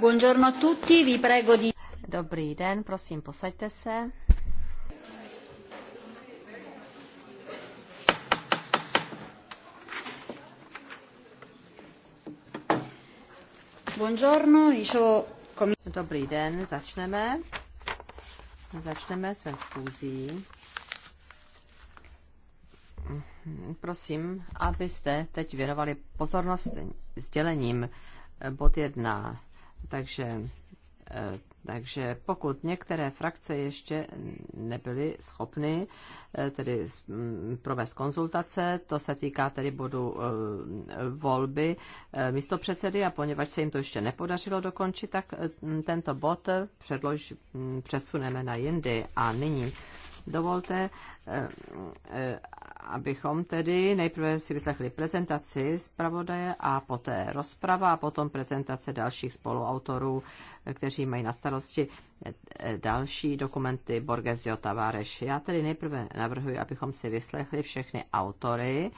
Buongiorno a tutti, vi prego di... Dobrý den, prosím, posaďte se. Buongiorno, dicevo... Com... Dobrý den, začneme. Začneme se schůzí. Prosím, abyste teď věnovali pozornost sdělením. Bod jedna. Takže, eh, takže pokud některé frakce ještě nebyly schopny eh, tedy mm, provést konzultace, to se týká tedy bodu eh, volby místo předsedy a poněvadž se jim to ještě nepodařilo dokončit, tak tento bod předlož, mm, přesuneme na jindy a nyní Dovolte, eh, eh, abychom tedy nejprve si vyslechli prezentaci zpravodaje a poté rozprava a potom prezentace dalších spoluautorů, eh, kteří mají na starosti další dokumenty Borgesio Tavares. Já tedy nejprve navrhuji, abychom si vyslechli všechny autory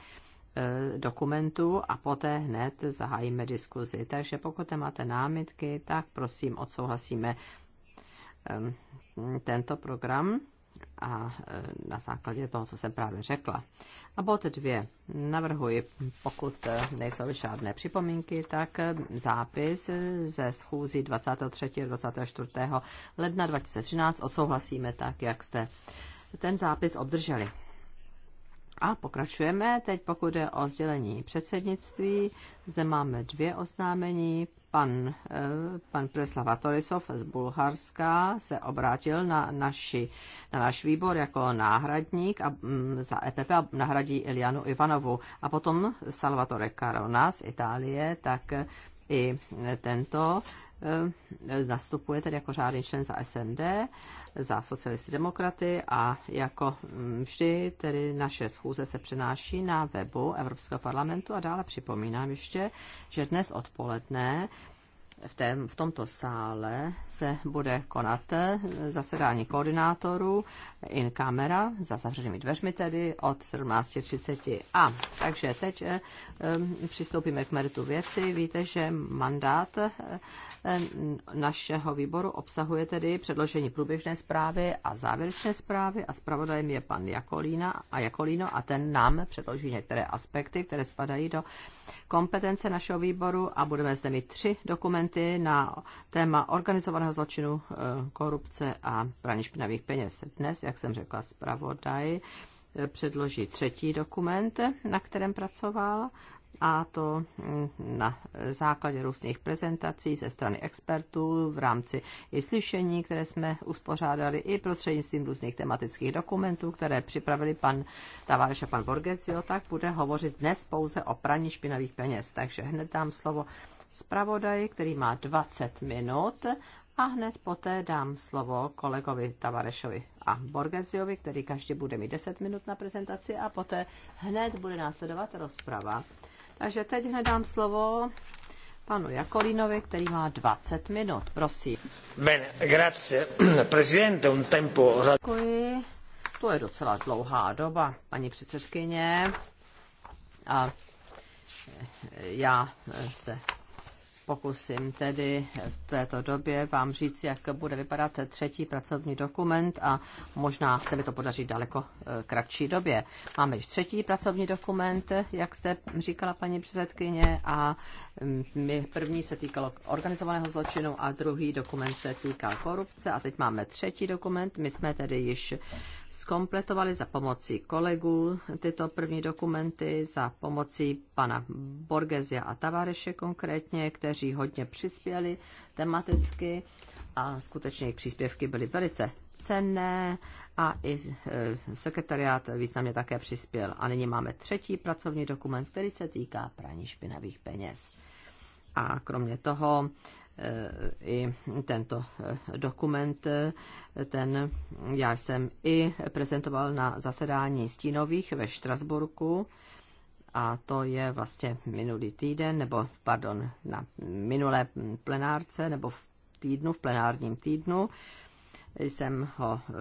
dokumentu a poté hned zahájíme diskuzi. Takže pokud máte námitky, tak prosím odsouhlasíme tento program a e, na základě toho, co jsem právě řekla. A bod dvě. Navrhuji, pokud e, nejsou žádné připomínky, tak e, zápis ze schůzí 23. a 24. ledna 2013 odsouhlasíme tak, jak jste ten zápis obdrželi. A pokračujeme teď, pokud je o sdělení předsednictví. Zde máme dvě oznámení pan, eh, pan Preslav Atorisov z Bulharska se obrátil na, naši, na náš výbor jako náhradník a, mm, za EPP a nahradí Ilianu Ivanovu. A potom Salvatore Carona z Itálie, tak i tento nastupuje eh, tedy jako řádný člen za SND za socialisty demokraty a jako mm, vždy tedy naše schůze se přenáší na webu Evropského parlamentu a dále připomínám ještě, že dnes odpoledne v, té, v tomto sále se bude konat eh, zasedání koordinátorů in camera, za zavřenými dveřmi tedy, od 17.30. A takže teď eh, eh, přistoupíme k meritu věci. Víte, že mandát našeho výboru obsahuje tedy předložení průběžné zprávy a závěrečné zprávy a zpravodajem je pan Jakolína a Jakolíno a ten nám předloží některé aspekty, které spadají do kompetence našeho výboru a budeme zde mít tři dokumenty aktivity na téma organizovaného zločinu, eh, korupce a praní špinavých peněz. Dnes, jak jsem řekla, zpravodaj eh, předloží třetí dokument, na kterém pracoval, a to mm, na základě různých prezentací ze strany expertů v rámci i slyšení, které jsme uspořádali i prostřednictvím různých tematických dokumentů, které připravili pan Tavareš a pan Borgezio, tak bude hovořit dnes pouze o praní špinavých peněz. Takže hned dám slovo zpravodaji, který má 20 minut a hned poté dám slovo kolegovi Tavarešovi a Borgesiovi, který každý bude mít 10 minut na prezentaci a poté hned bude následovat rozprava. Takže teď hned dám slovo panu Jakolinovi, který má 20 minut. Prosím. Bene, grazie. Presidente, un tempo... Děkuji. To je docela dlouhá doba, paní předsedkyně. A já se pokusím tedy v této době vám říct, jak bude vypadat třetí pracovní dokument a možná se mi to podaří daleko eh, kratší době. Máme již třetí pracovní dokument, jak jste říkala paní předsedkyně, a mm, my první se týkalo organizovaného zločinu a druhý dokument se týkal korupce a teď máme třetí dokument. My jsme tedy již skompletovali za pomocí kolegů tyto první dokumenty, za pomocí pana Borgesia a Tavareše konkrétně, kteří hodně přispěli tematicky a skutečně jejich příspěvky byly velice cenné a i e, sekretariát významně také přispěl. A nyní máme třetí pracovní dokument, který se týká praní špinavých peněz. A kromě toho i tento eh, dokument. Eh, ten já jsem i prezentoval na zasedání stínových ve Štrasburku a to je vlastně minulý týden, nebo pardon, na minulé plenárce, nebo v týdnu, v plenárním týdnu jsem ho eh,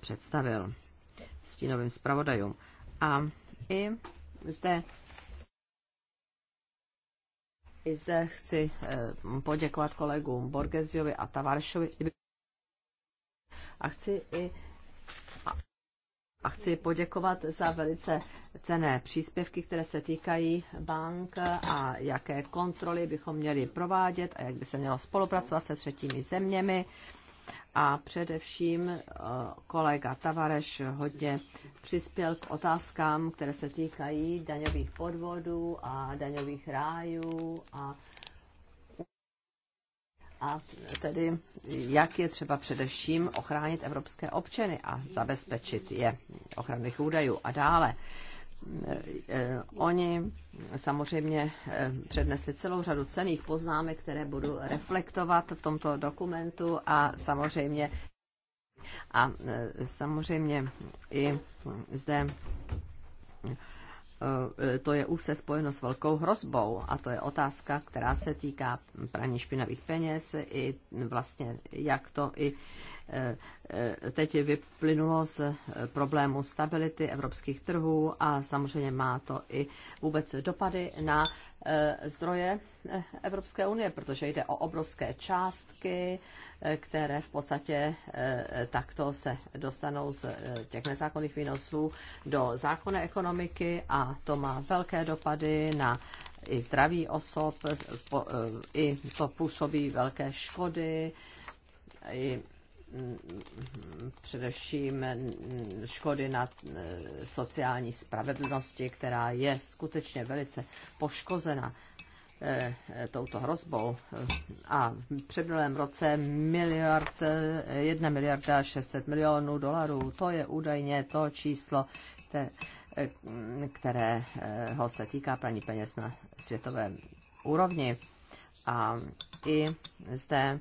představil stínovým zpravodajům. A i zde i zde chci eh, poděkovat kolegům Borgesiovi a Tavaršovi. A chci i a chci poděkovat za velice cené příspěvky, které se týkají bank a jaké kontroly bychom měli provádět a jak by se mělo spolupracovat se třetími zeměmi a především eh, kolega Tavareš hodně přispěl k otázkám, které se týkají daňových podvodů a daňových rájů a a tedy jak je třeba především ochránit evropské občany a zabezpečit je ochranných údajů a dále. Eh, oni samozřejmě eh, přednesli celou řadu cených poznámek, které budu reflektovat v tomto dokumentu a samozřejmě a eh, samozřejmě i zde to je úzce spojeno s velkou hrozbou a to je otázka, která se týká praní špinavých peněz i vlastně jak to i Eh, teď vyplynulo z eh, problému stability evropských trhů a samozřejmě má to i vůbec dopady na eh, zdroje Evropské unie, protože jde o obrovské částky, které v podstatě takto se dostanou z těch nezákonných výnosů do zákonné ekonomiky a to má velké dopady na i zdraví osob, i to působí velké škody, i především škody na eh, sociální spravedlnosti, která je skutečně velice poškozena eh, touto hrozbou. A v předminulém roce miliard, 1 eh, miliarda 600 milionů dolarů, to je údajně to číslo, které, ho se týká praní peněz na světové úrovni. A i zde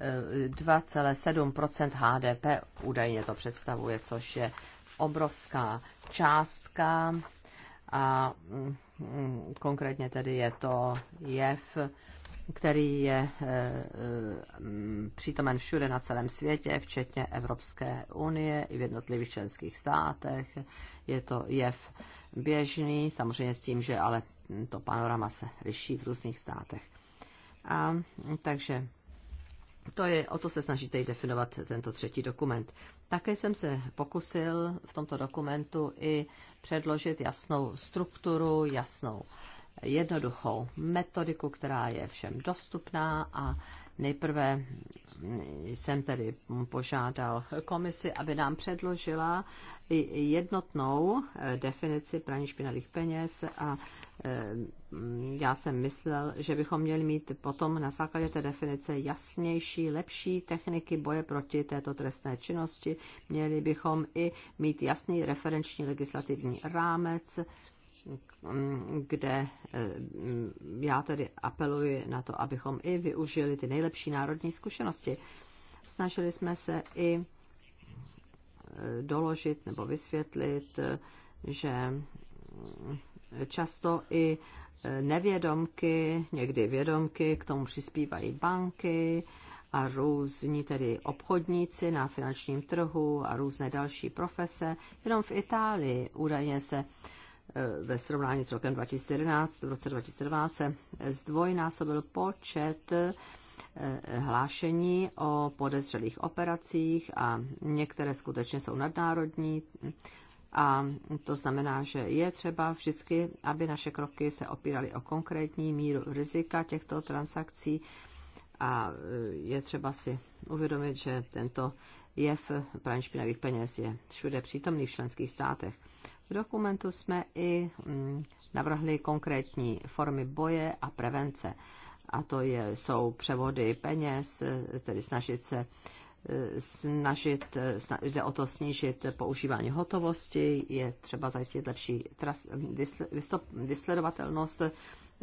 2,7 HDP údajně to představuje, což je obrovská částka a mm, mm, konkrétně tedy je to jev, který je e, e, mm, přítomen všude na celém světě, včetně Evropské unie i v jednotlivých členských státech. Je to jev běžný, samozřejmě s tím, že ale to panorama se liší v různých státech. A, takže to je, o to se snaží teď definovat tento třetí dokument. Také jsem se pokusil v tomto dokumentu i předložit jasnou strukturu, jasnou jednoduchou metodiku, která je všem dostupná a Nejprve jsem tedy požádal komisi, aby nám předložila jednotnou eh, definici praní špinavých peněz a eh, já jsem myslel, že bychom měli mít potom na základě té definice jasnější, lepší techniky boje proti této trestné činnosti. Měli bychom i mít jasný referenční legislativní rámec, kde eh, já tedy apeluji na to, abychom i využili ty nejlepší národní zkušenosti. Snažili jsme se i eh, doložit nebo vysvětlit, eh, že mm, často i nevědomky, někdy vědomky, k tomu přispívají banky a různí tedy obchodníci na finančním trhu a různé další profese. Jenom v Itálii údajně se Eh, ve srovnání s rokem 2011, v roce 2012 se zdvojnásobil počet eh, hlášení o podezřelých operacích a některé skutečně jsou nadnárodní. A to znamená, že je třeba vždycky, aby naše kroky se opíraly o konkrétní míru rizika těchto transakcí a eh, je třeba si uvědomit, že tento jev praní špinavých peněz je všude přítomný v členských státech. V dokumentu jsme i mm, navrhli konkrétní formy boje a prevence. A to je, jsou převody peněz, tedy snažit se e, snažit, e, sna, jde o to snížit používání hotovosti, je třeba zajistit lepší tras, vysl, vysledovatelnost e,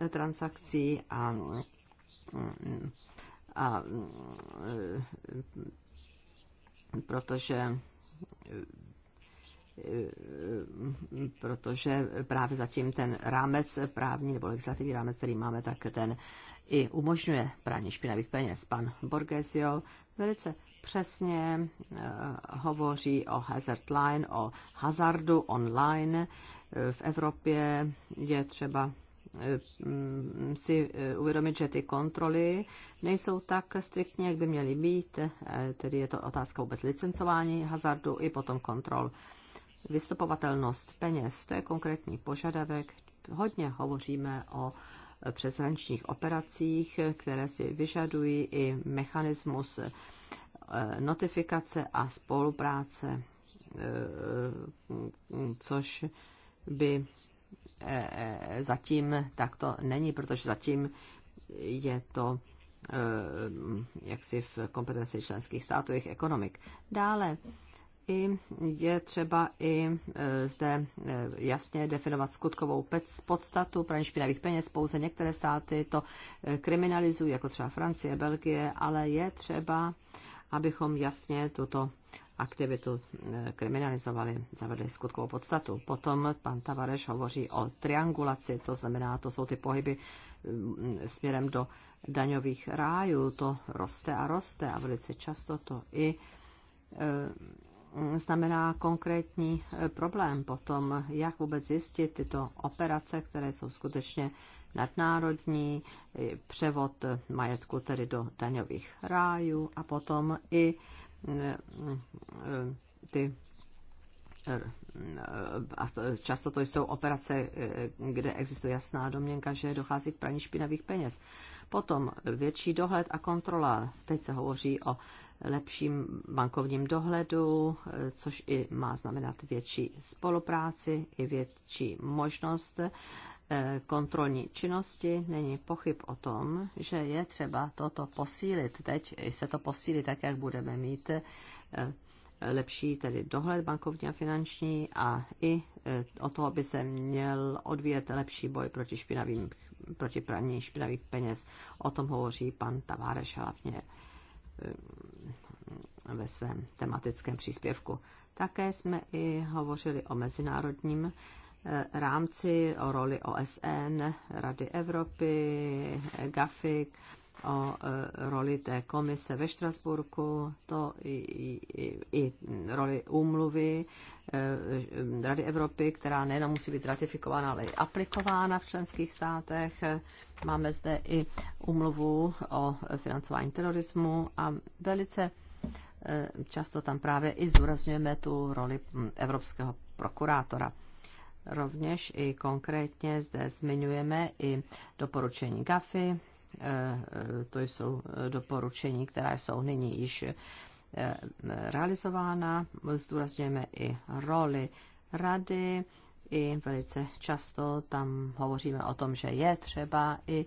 transakcí a, mm, a mm, protože protože právě zatím ten rámec právní nebo legislativní rámec, který máme, tak ten i umožňuje praní špinavých peněz. Pan Borgesio velice přesně eh, hovoří o hazard line, o hazardu online. Eh, v Evropě je třeba eh, mm, si uvědomit, že ty kontroly nejsou tak striktní, jak by měly být. Tedy je to otázka vůbec licencování hazardu i potom kontrol vystupovatelnost peněz, to je konkrétní požadavek. Hodně hovoříme o přeshraničních operacích, které si vyžadují i mechanismus eh, notifikace a spolupráce, eh, což by eh, zatím takto není, protože zatím je to jaksi v kompetenci členských států, jejich ekonomik. Dále i je třeba i e, zde e, jasně definovat skutkovou podstatu praní špinavých peněz. Pouze některé státy to e, kriminalizují, jako třeba Francie, Belgie, ale je třeba, abychom jasně tuto aktivitu kriminalizovali, zavedli skutkovou podstatu. Potom pan Tavareš hovoří o triangulaci, to znamená, to jsou ty pohyby směrem do daňových rájů, to roste a roste a velice často to i Mm, znamená konkrétní eh, problém potom, jak vůbec zjistit tyto operace, které jsou skutečně nadnárodní, eh, převod eh, majetku tedy do daňových rájů a potom i ty a často to jsou operace, kde existuje jasná domněnka, že dochází k praní špinavých peněz. Potom větší dohled a kontrola. Teď se hovoří o lepším bankovním dohledu, což i má znamenat větší spolupráci i větší možnost eh, kontrolní činnosti. Není pochyb o tom, že je třeba toto posílit. Teď se to posílí tak, jak budeme mít eh, lepší tedy dohled bankovní a finanční a i eh, o toho by se měl odvíjet lepší boj proti, špinavým, proti praní špinavých peněz. O tom hovoří pan Taváreš hlavně ve svém tematickém příspěvku. Také jsme i hovořili o mezinárodním eh, rámci, o roli OSN, Rady Evropy, GAFIC, o eh, roli té komise ve Štrasburku, to i, i, i roli úmluvy eh, Rady Evropy, která nejenom musí být ratifikována, ale i aplikována v členských státech. Máme zde i úmluvu o financování terorismu a velice Eh, často tam právě i zúrazňujeme tu roli hm, evropského prokurátora. Rovněž i konkrétně zde zmiňujeme i doporučení GAFI, eh, eh, to jsou doporučení, která jsou nyní již realizována. Zdůrazňujeme i roli rady, i velice často tam hovoříme o tom, že je třeba i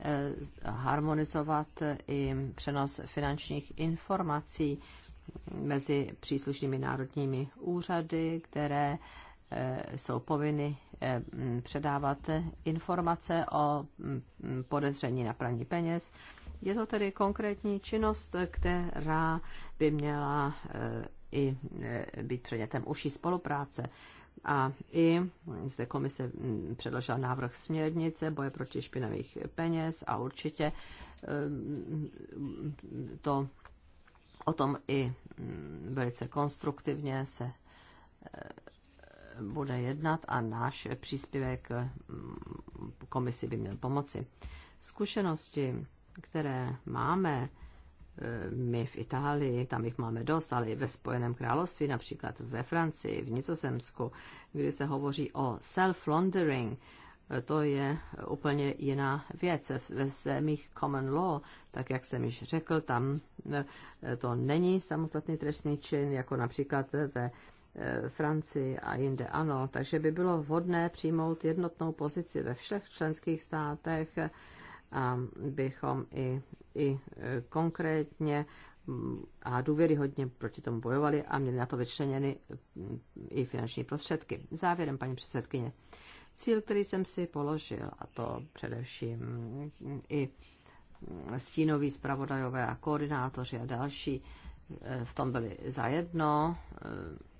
Eh, harmonizovat i přenos finančních informací mezi příslušnými národními úřady, které eh, jsou povinny eh, předávat informace o podezření na praní peněz. Je to tedy konkrétní činnost, která by měla i být předmětem užší spolupráce. A i zde komise mm, předložila návrh směrnice boje proti špinavých peněz a určitě mm, to o tom i mm, velice konstruktivně se eh, bude jednat a náš příspěvek komisi by měl pomoci. Zkušenosti, které máme my v Itálii, tam jich máme dost, ale i ve Spojeném království, například ve Francii, v Nizozemsku, kdy se hovoří o self-laundering, to je úplně jiná věc. Ve zemích common law, tak jak jsem již řekl, tam eh, to není samostatný trestný čin, jako například ve eh, Francii a jinde ano. Takže by bylo vhodné přijmout jednotnou pozici ve všech členských státech, a bychom i, i e, konkrétně mm, a důvěryhodně proti tomu bojovali a měli na to vyčleněny mm, i finanční prostředky. Závěrem, paní předsedkyně, cíl, který jsem si položil, a to především mm, i stínoví zpravodajové a koordinátoři a další, e, v tom byli zajedno, e,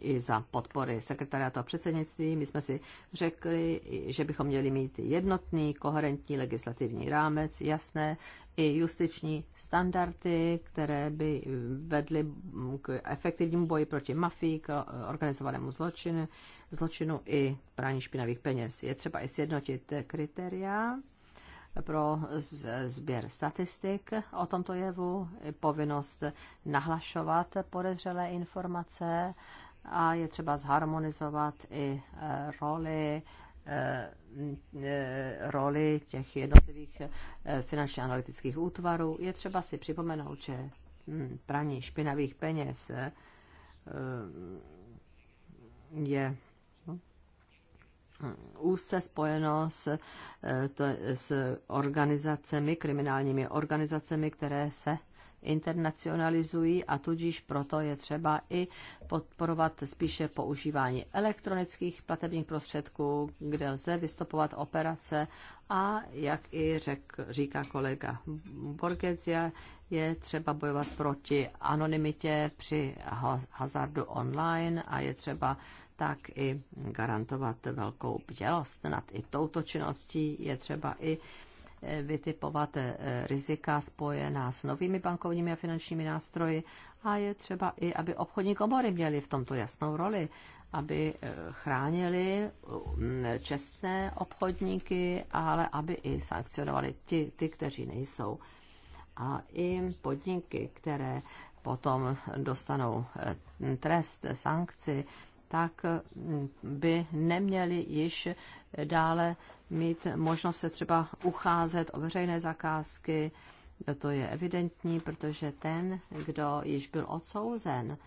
i za podpory sekretariátu a předsednictví. My jsme si řekli, že bychom měli mít jednotný, koherentní legislativní rámec, jasné i justiční standardy, které by vedly k efektivnímu boji proti mafii, k organizovanému zločinu, zločinu i prání špinavých peněz. Je třeba i sjednotit kritéria pro sběr statistik o tomto jevu, povinnost nahlašovat podezřelé informace a je třeba zharmonizovat i e, roli e, e, roli těch jednotlivých finančně analytických útvarů. Je třeba si připomenout, že praní špinavých peněz je úzce spojeno s, eh, to, s organizacemi, kriminálními organizacemi, které se internacionalizují a tudíž proto je třeba i podporovat spíše používání elektronických platebních prostředků, kde lze vystupovat operace a jak i řek, říká kolega Borgesia, je třeba bojovat proti anonymitě při hazardu online a je třeba tak i garantovat velkou bdělost nad i touto činností. Je třeba i e, vytipovat e, rizika spojená s novými bankovními a finančními nástroji a je třeba i, aby obchodní komory měly v tomto jasnou roli, aby e, chránili čestné obchodníky, ale aby i sankcionovali ty, ty kteří nejsou. A i podniky, které potom dostanou trest, sankci, tak mm, by neměli již dále mít možnost se třeba ucházet o veřejné zakázky. To je evidentní, protože ten, kdo již byl odsouzen,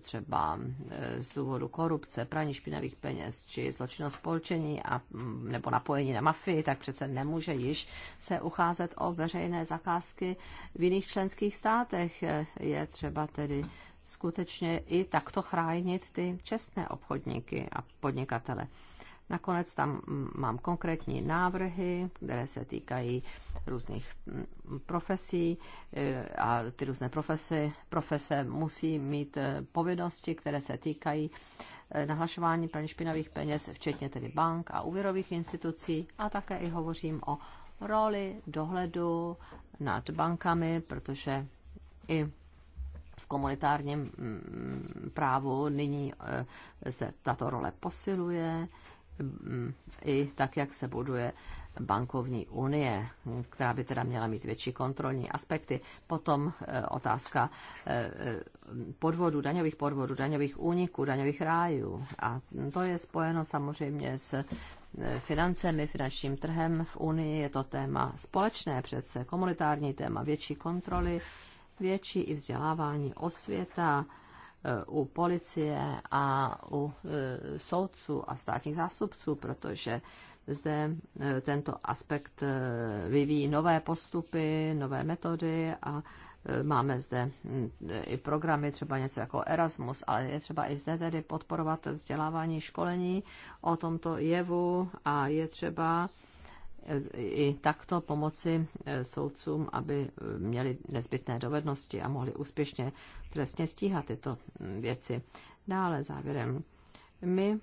třeba eh, z důvodu korupce, praní špinavých peněz či zločinnost spolčení a, mm, nebo napojení na mafii, tak přece nemůže již se ucházet o veřejné zakázky v jiných členských státech. Eh, je třeba tedy skutečně i takto chránit ty čestné obchodníky a podnikatele. Nakonec tam mm, mám konkrétní návrhy, které se týkají různých mm, profesí eh, a ty různé profesy, profese musí mít eh, povinnosti, které se týkají eh, nahlašování praní špinavých peněz, včetně tedy bank a úvěrových institucí a také i hovořím o roli dohledu nad bankami, protože i v komunitárním mm, právu nyní eh, se tato role posiluje, mm, i tak, jak se buduje bankovní unie, která by teda měla mít větší kontrolní aspekty. Potom eh, otázka eh, podvodu, daňových podvodů, daňových úniků, daňových rájů. A to je spojeno samozřejmě s financemi, finančním trhem v Unii. Je to téma společné přece, komunitární téma, větší kontroly větší i vzdělávání osvěta e, u policie a u e, soudců a státních zástupců, protože zde e, tento aspekt vyvíjí nové postupy, nové metody a máme zde i programy, třeba něco jako Erasmus, ale je třeba i zde tedy podporovat vzdělávání, školení o tomto jevu a je třeba i takto pomoci eh, soudcům, aby eh, měli nezbytné dovednosti a mohli úspěšně trestně stíhat tyto mm, věci. Dále závěrem. My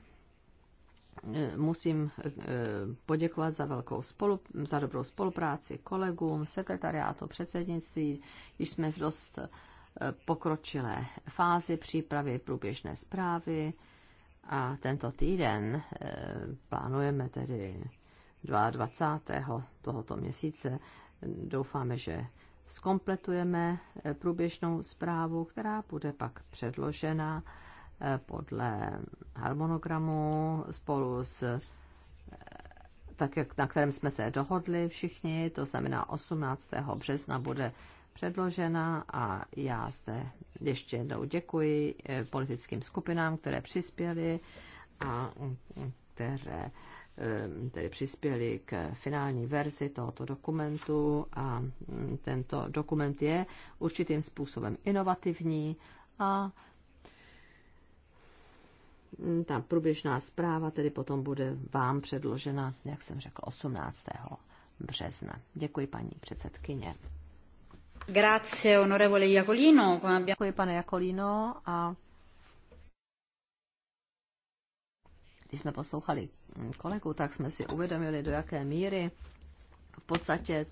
eh, musím poděkovat za, velkou spolu, za dobrou spolupráci kolegům, sekretariátu, předsednictví. Již jsme v dost pokročilé fázi přípravy průběžné zprávy a tento týden plánujeme tedy 22. tohoto měsíce. Doufáme, že skompletujeme eh, průběžnou zprávu, která bude pak předložena eh, podle harmonogramu spolu s eh, tak, jak, na kterém jsme se dohodli všichni, to znamená 18. března bude předložena a já zde ještě jednou děkuji politickým skupinám, které přispěly a mm, mm, které Eh, tedy přispěli k finální verzi tohoto dokumentu a mm, tento dokument je určitým způsobem inovativní a mm, ta průběžná zpráva tedy potom bude vám předložena, jak jsem řekl, 18. března. Děkuji, paní předsedkyně. Grazie, onorevole Jacolino. Děkuji, pane Jacolino. A když jsme poslouchali mm, kolegu, tak jsme si uvědomili, do jaké míry v podstatě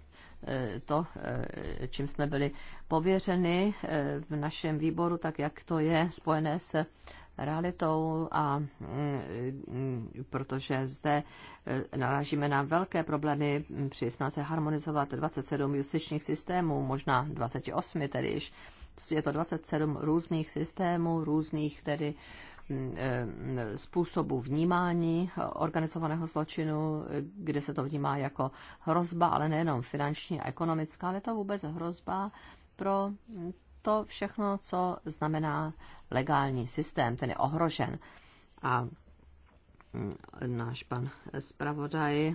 e, to, e, čím jsme byli pověřeni e, v našem výboru, tak jak to je spojené s realitou a mm, protože zde narážíme na velké problémy při snaze harmonizovat 27 justičních systémů, možná 28 tedy již. Je to 27 různých systémů, různých tedy eh, Eh, způsobu vnímání organizovaného zločinu, kde se to vnímá jako hrozba, ale nejenom finanční a ekonomická, ale to vůbec hrozba pro to všechno, co znamená legální systém, ten je ohrožen. A náš pan zpravodaj eh,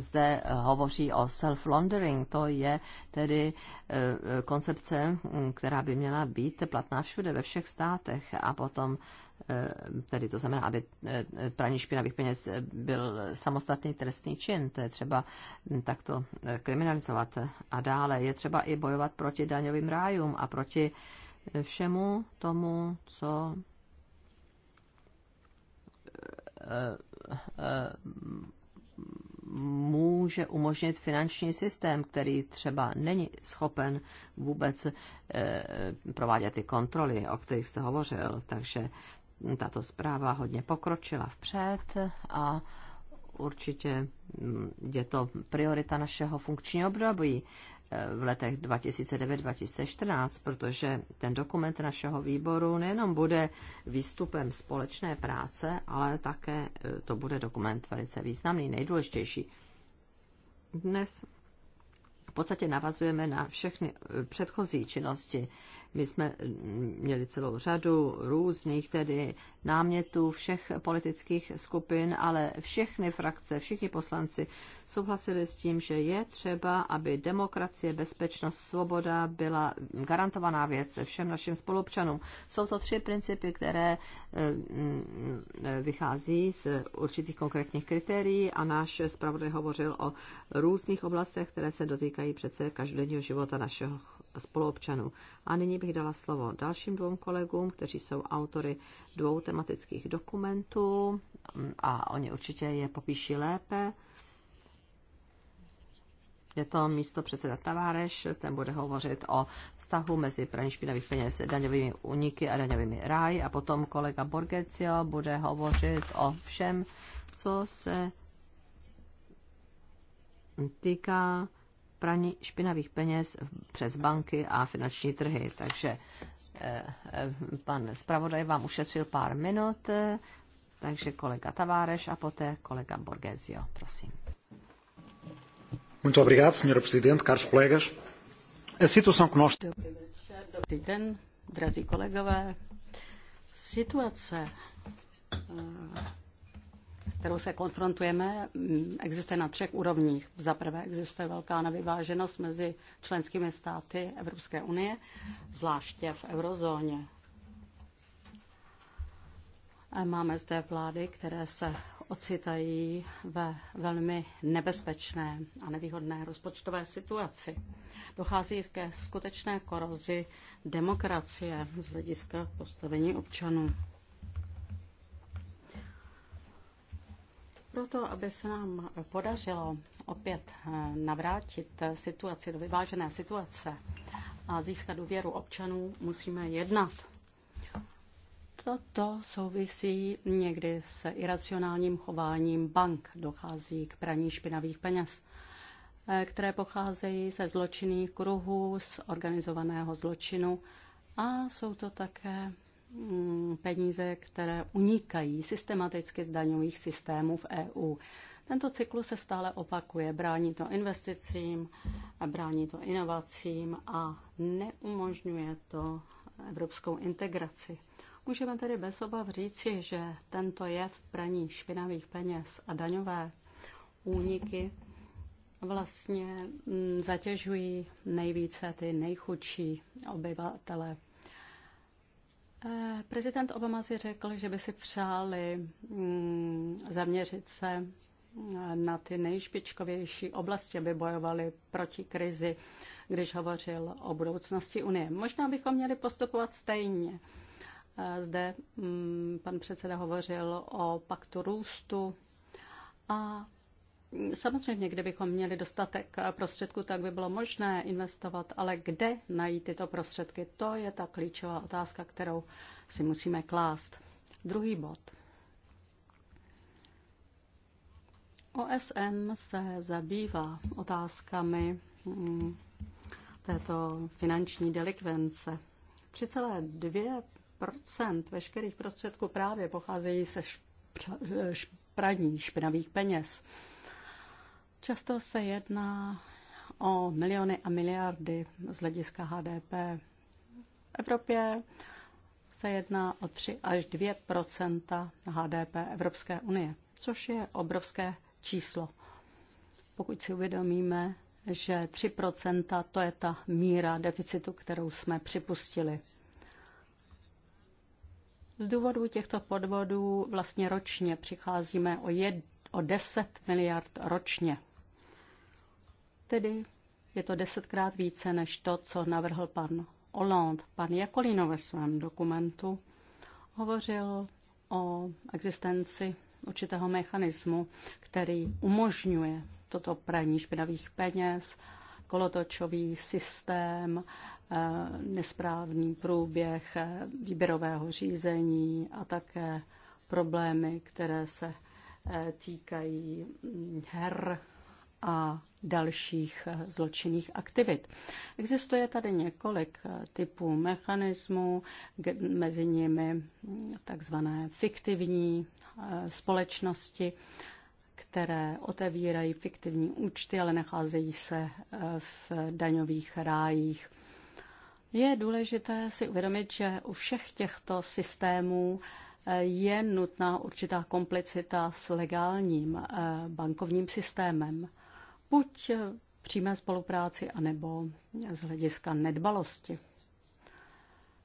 zde hovoří o self-laundering. To je tedy eh, koncepce, která by měla být platná všude, ve všech státech a potom eh, tedy to znamená, aby praní špinavých peněz byl samostatný trestný čin. To je třeba hm, takto kriminalizovat. A dále je třeba i bojovat proti daňovým rájům a proti všemu tomu, co může umožnit finanční systém, který třeba není schopen vůbec eh, provádět ty kontroly, o kterých jste hovořil. Takže tato zpráva hodně pokročila vpřed a určitě mm, je to priorita našeho funkčního období v letech 2009-2014, protože ten dokument našeho výboru nejenom bude výstupem společné práce, ale také e, to bude dokument velice významný, nejdůležitější. Dnes v podstatě navazujeme na všechny e, předchozí činnosti, my jsme mm, měli celou řadu různých tedy námětů všech politických skupin, ale všechny frakce, všichni poslanci souhlasili s tím, že je třeba, aby demokracie, bezpečnost, svoboda byla garantovaná věc všem našim spolupčanům. Jsou to tři principy, které mm, mm, vychází z určitých konkrétních kritérií a náš zpravodaj hovořil o různých oblastech, které se dotýkají přece každodenního života našeho spoluobčanů. A nyní bych dala slovo dalším dvou kolegům, kteří jsou autory dvou tematických dokumentů a oni určitě je popíší lépe. Je to místo předseda Taváreš, ten bude hovořit o vztahu mezi praní špinavých peněz, daňovými úniky a daňovými ráji a potom kolega Borgecio bude hovořit o všem, co se týká praní špinavých peněz přes banky a finanční trhy. Takže eh, eh, pan zpravodaj vám ušetřil pár minut, eh, takže kolega Taváreš a poté kolega Borgesio, prosím. Muito obrigado, senhor presidente, caros colegas. A situação que nós... Dobrý den, drazí kolegové. Situace, kterou se konfrontujeme, mm, existuje na třech úrovních. Za prvé existuje velká nevyváženost mezi členskými státy Evropské unie, zvláště v eurozóně. Máme zde vlády, které se ocitají ve velmi nebezpečné a nevýhodné rozpočtové situaci. Dochází ke skutečné korozi demokracie z hlediska postavení občanů. Proto, aby se nám podařilo opět eh, navrátit situaci do vyvážené situace a získat důvěru občanů, musíme jednat. Toto souvisí někdy s iracionálním chováním bank. Dochází k praní špinavých peněz, eh, které pocházejí ze zločinných kruhů, z organizovaného zločinu a jsou to také Mm, peníze, které unikají systematicky z daňových systémů v EU. Tento cyklus se stále opakuje. Brání to investicím, brání to inovacím a neumožňuje to evropskou integraci. Můžeme tedy bez obav říci, že tento jev praní špinavých peněz a daňové úniky vlastně mm, zatěžují nejvíce ty nejchudší obyvatele Eh, prezident Obama si řekl, že by si přáli mm, zaměřit se eh, na ty nejšpičkovější oblasti, aby bojovali proti krizi, když hovořil o budoucnosti Unie. Možná bychom měli postupovat stejně. Eh, zde mm, pan předseda hovořil o paktu růstu a Samozřejmě, kdybychom měli dostatek prostředků, tak by bylo možné investovat, ale kde najít tyto prostředky, to je ta klíčová otázka, kterou si musíme klást. Druhý bod. OSN se zabývá otázkami mm, této finanční delikvence. 3,2 veškerých prostředků právě pocházejí se špraní špinavých peněz. Často se jedná o miliony a miliardy z hlediska HDP. V Evropě se jedná o 3 až 2 HDP Evropské unie, což je obrovské číslo. Pokud si uvědomíme, že 3 to je ta míra deficitu, kterou jsme připustili. Z důvodu těchto podvodů vlastně ročně přicházíme o, jed, o 10 miliard ročně Tedy je to desetkrát více než to, co navrhl pan Hollande. Pan Jakolino ve svém dokumentu hovořil o existenci určitého mechanismu, který umožňuje toto praní špinavých peněz, kolotočový systém, eh, nesprávný průběh eh, výběrového řízení a také problémy, které se eh, týkají her a dalších eh, zločinných aktivit. Existuje tady několik eh, typů mechanismů, mezi nimi mm, takzvané fiktivní eh, společnosti, které otevírají fiktivní účty, ale nacházejí se v daňových rájích. Je důležité si uvědomit, že u všech těchto systémů je nutná určitá komplicita s legálním bankovním systémem buď přímé spolupráci, anebo z hlediska nedbalosti.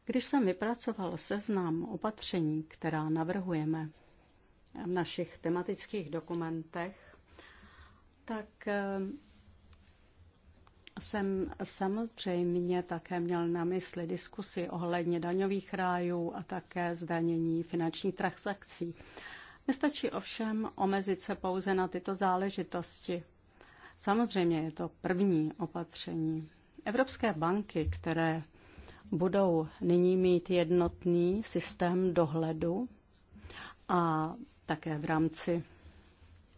Když jsem vypracoval seznam opatření, která navrhujeme v našich tematických dokumentech, tak eh, jsem samozřejmě také měl na mysli diskusy ohledně daňových rájů a také zdanění finančních transakcí. Nestačí ovšem omezit se pouze na tyto záležitosti, Samozřejmě je to první opatření. Evropské banky, které budou nyní mít jednotný systém dohledu a také v rámci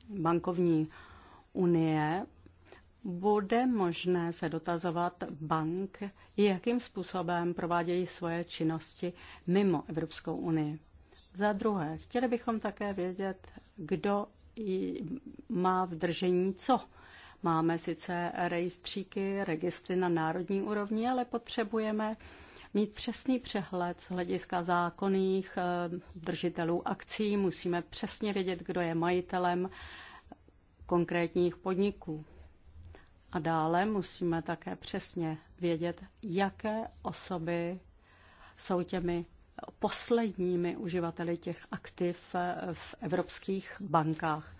bankovní unie bude možné se dotazovat bank, jakým způsobem provádějí svoje činnosti mimo Evropskou unii. Za druhé, chtěli bychom také vědět, kdo má v držení co Máme sice rejstříky, registry na národní úrovni, ale potřebujeme mít přesný přehled z hlediska zákonných eh, držitelů akcí. Musíme přesně vědět, kdo je majitelem konkrétních podniků. A dále musíme také přesně vědět, jaké osoby jsou těmi posledními uživateli těch aktiv eh, v evropských bankách.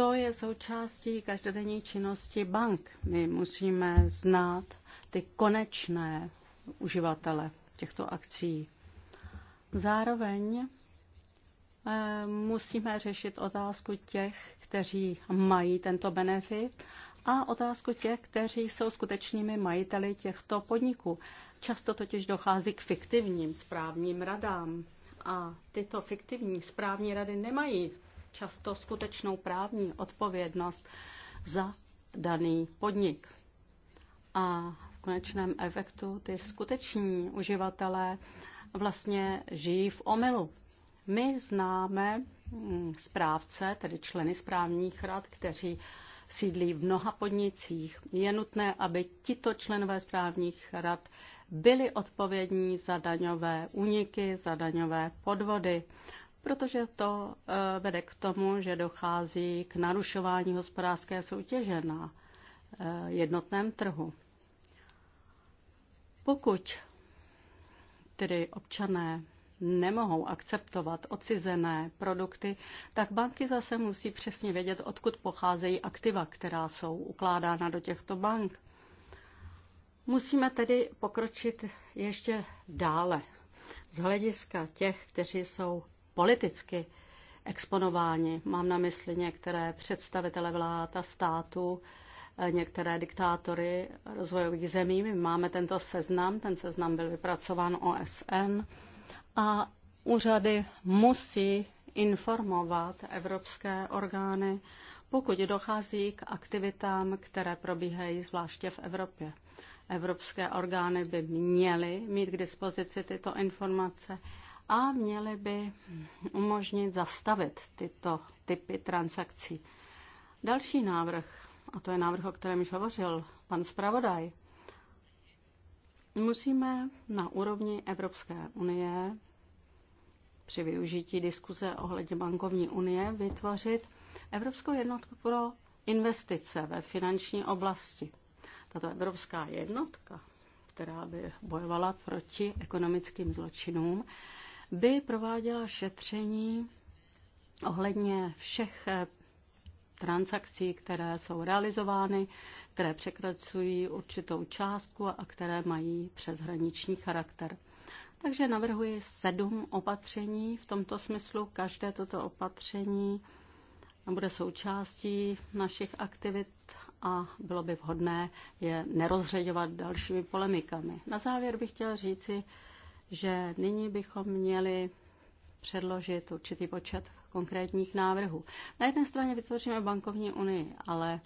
To je součástí každodenní činnosti bank. My musíme znát ty konečné uživatele těchto akcí. Zároveň eh, musíme řešit otázku těch, kteří mají tento benefit a otázku těch, kteří jsou skutečnými majiteli těchto podniků. Často totiž dochází k fiktivním správním radám a tyto fiktivní správní rady nemají často skutečnou právní odpovědnost za daný podnik. A v konečném efektu ty skuteční uživatelé vlastně žijí v omylu. My známe mm, správce, tedy členy správních rad, kteří sídlí v mnoha podnicích. Je nutné, aby tito členové správních rad byli odpovědní za daňové úniky, za daňové podvody protože to eh, vede k tomu, že dochází k narušování hospodářské soutěže na eh, jednotném trhu. Pokud tedy občané nemohou akceptovat odcizené produkty, tak banky zase musí přesně vědět, odkud pocházejí aktiva, která jsou ukládána do těchto bank. Musíme tedy pokročit ještě dále z hlediska těch, kteří jsou politicky exponováni. Mám na mysli některé představitele vlád a států, eh, některé diktátory rozvojových zemí. My máme tento seznam, ten seznam byl vypracován OSN a úřady musí informovat evropské orgány, pokud dochází k aktivitám, které probíhají zvláště v Evropě. Evropské orgány by měly mít k dispozici tyto informace a měly by umožnit zastavit tyto typy transakcí. Další návrh, a to je návrh, o kterém již hovořil pan zpravodaj, musíme na úrovni Evropské unie při využití diskuze ohledně bankovní unie vytvořit Evropskou jednotku pro investice ve finanční oblasti. Tato Evropská jednotka, která by bojovala proti ekonomickým zločinům, by prováděla šetření ohledně všech eh, transakcí, které jsou realizovány, které překračují určitou částku a které mají přeshraniční charakter. Takže navrhuji sedm opatření v tomto smyslu. Každé toto opatření bude součástí našich aktivit a bylo by vhodné je nerozřeďovat dalšími polemikami. Na závěr bych chtěla říci, že nyní bychom měli předložit určitý počet konkrétních návrhů. Na jedné straně vytvoříme bankovní unii, ale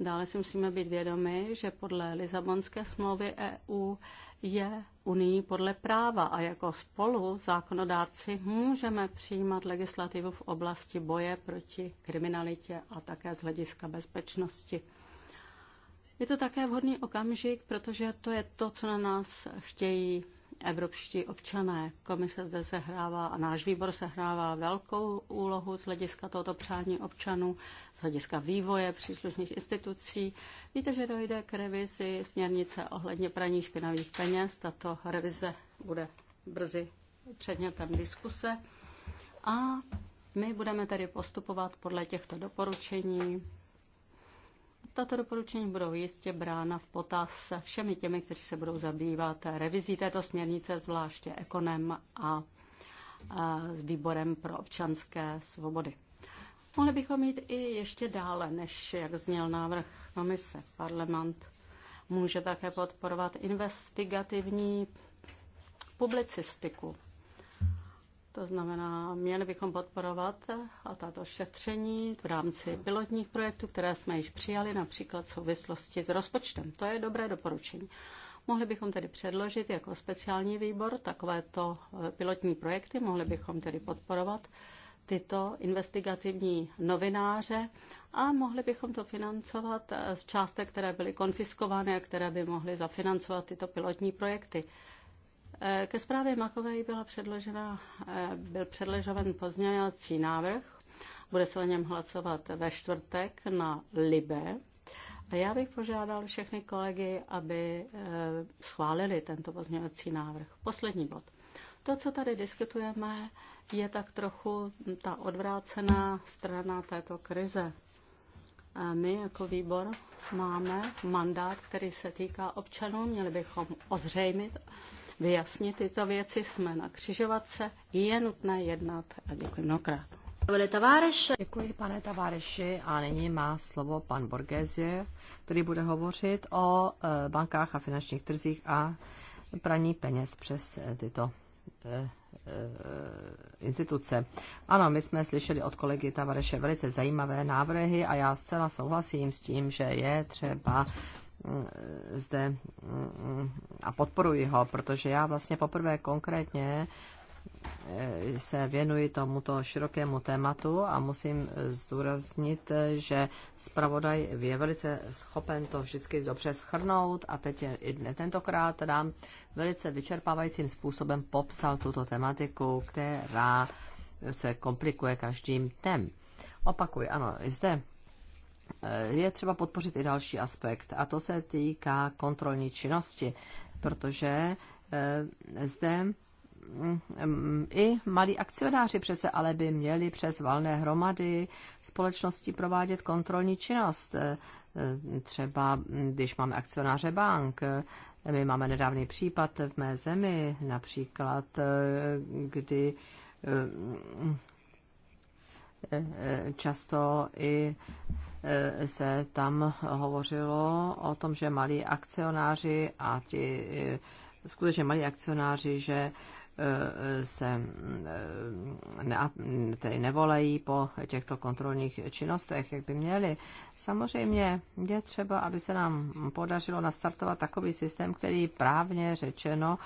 dále si musíme být vědomi, že podle Lisabonské smlouvy EU je unii podle práva a jako spolu zákonodárci můžeme přijímat legislativu v oblasti boje proti kriminalitě a také z hlediska bezpečnosti. Je to také vhodný okamžik, protože to je to, co na nás chtějí evropští občané. Komise zde sehrává a náš výbor sehrává velkou úlohu z hlediska tohoto přání občanů, z hlediska vývoje příslušných institucí. Víte, že dojde k revizi směrnice ohledně praní špinavých peněz. Tato revize bude brzy předmětem diskuse. A my budeme tedy postupovat podle těchto doporučení tato doporučení budou jistě brána v potaz všemi těmi, kteří se budou zabývat revizí této směrnice, zvláště ekonem a výborem pro občanské svobody. Mohli bychom jít i ještě dále, než jak zněl návrh komise. Parlament může také podporovat investigativní publicistiku to znamená, měli bychom podporovat a tato šetření v rámci pilotních projektů, které jsme již přijali, například v souvislosti s rozpočtem. To je dobré doporučení. Mohli bychom tedy předložit jako speciální výbor takovéto eh, pilotní projekty, mohli bychom tedy podporovat tyto investigativní novináře a mohli bychom to financovat eh, z částek, které byly konfiskovány a které by mohly zafinancovat tyto pilotní projekty. Ke zprávě Makovej byla předložena, eh, byl předložen pozměňovací návrh. Bude se o něm hlasovat ve čtvrtek na Libe. A já bych požádal všechny kolegy, aby eh, schválili tento pozměňovací návrh. Poslední bod. To, co tady diskutujeme, je tak trochu ta odvrácená strana této krize. A my jako výbor máme mandát, který se týká občanů. Měli bychom ozřejmit vyjasnit tyto věci. Jsme na křižovatce, je nutné jednat a děkuji mnohokrát. Děkuji, pane Tavareši. A nyní má slovo pan Borgézie, který bude hovořit o e, bankách a finančních trzích a praní peněz přes e, tyto e, instituce. Ano, my jsme slyšeli od kolegy Tavareše velice zajímavé návrhy a já zcela souhlasím s tím, že je třeba zde mm, a podporuji ho, protože já vlastně poprvé konkrétně eh, se věnuji tomuto širokému tématu a musím zdůraznit, že zpravodaj je velice schopen to vždycky dobře schrnout a teď i tentokrát nám velice vyčerpávajícím způsobem popsal tuto tematiku, která se komplikuje každým tem. Opakuji, ano, zde Eh, je třeba podpořit i další aspekt, a to se týká kontrolní činnosti, protože eh, zde mm, mm, i malí akcionáři přece ale by měli přes valné hromady společnosti provádět kontrolní činnost. Eh, třeba mm, když máme akcionáře bank, my máme nedávný případ v mé zemi, například, kdy často i eh, se tam hovořilo o tom, že malí akcionáři a ti eh, skutečně malí akcionáři, že eh, se ne, tedy po těchto kontrolních činnostech, jak by měli. Samozřejmě je třeba, aby se nám podařilo nastartovat takový systém, který právně řečeno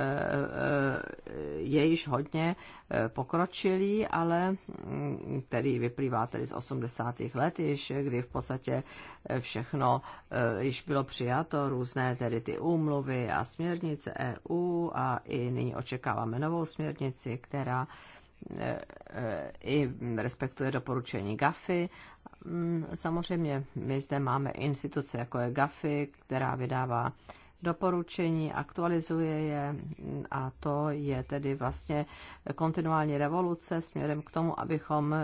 Eh, eh, je již hodně eh, pokročilý, ale mm, který vyplývá tedy z 80. let již, kdy v podstatě všechno již bylo přijato, různé tedy ty úmluvy a směrnice EU a i nyní očekáváme novou směrnici, která i respektuje doporučení GAFI. Mm, samozřejmě my zde máme instituce, jako je GAFI, která vydává doporučení, aktualizuje je a to je tedy vlastně kontinuální revoluce směrem k tomu, abychom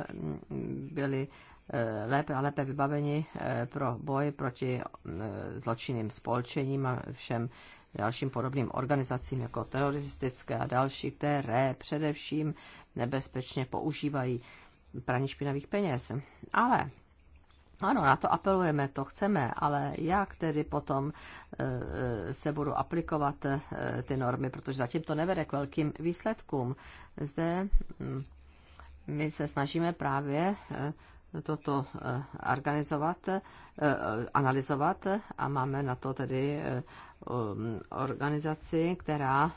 byli eh, lépe a lépe vybaveni eh, pro boj proti eh, zločinným spolčením a všem dalším podobným organizacím jako teroristické a další, které především nebezpečně používají praní špinavých peněz. Ale ano, na to apelujeme, to chceme, ale jak tedy potom eh, eh, se budou aplikovat eh, ty normy, protože zatím to nevede k velkým výsledkům. Zde hm, my se snažíme právě toto organizovat, analyzovat a máme na to tedy um, organizaci, která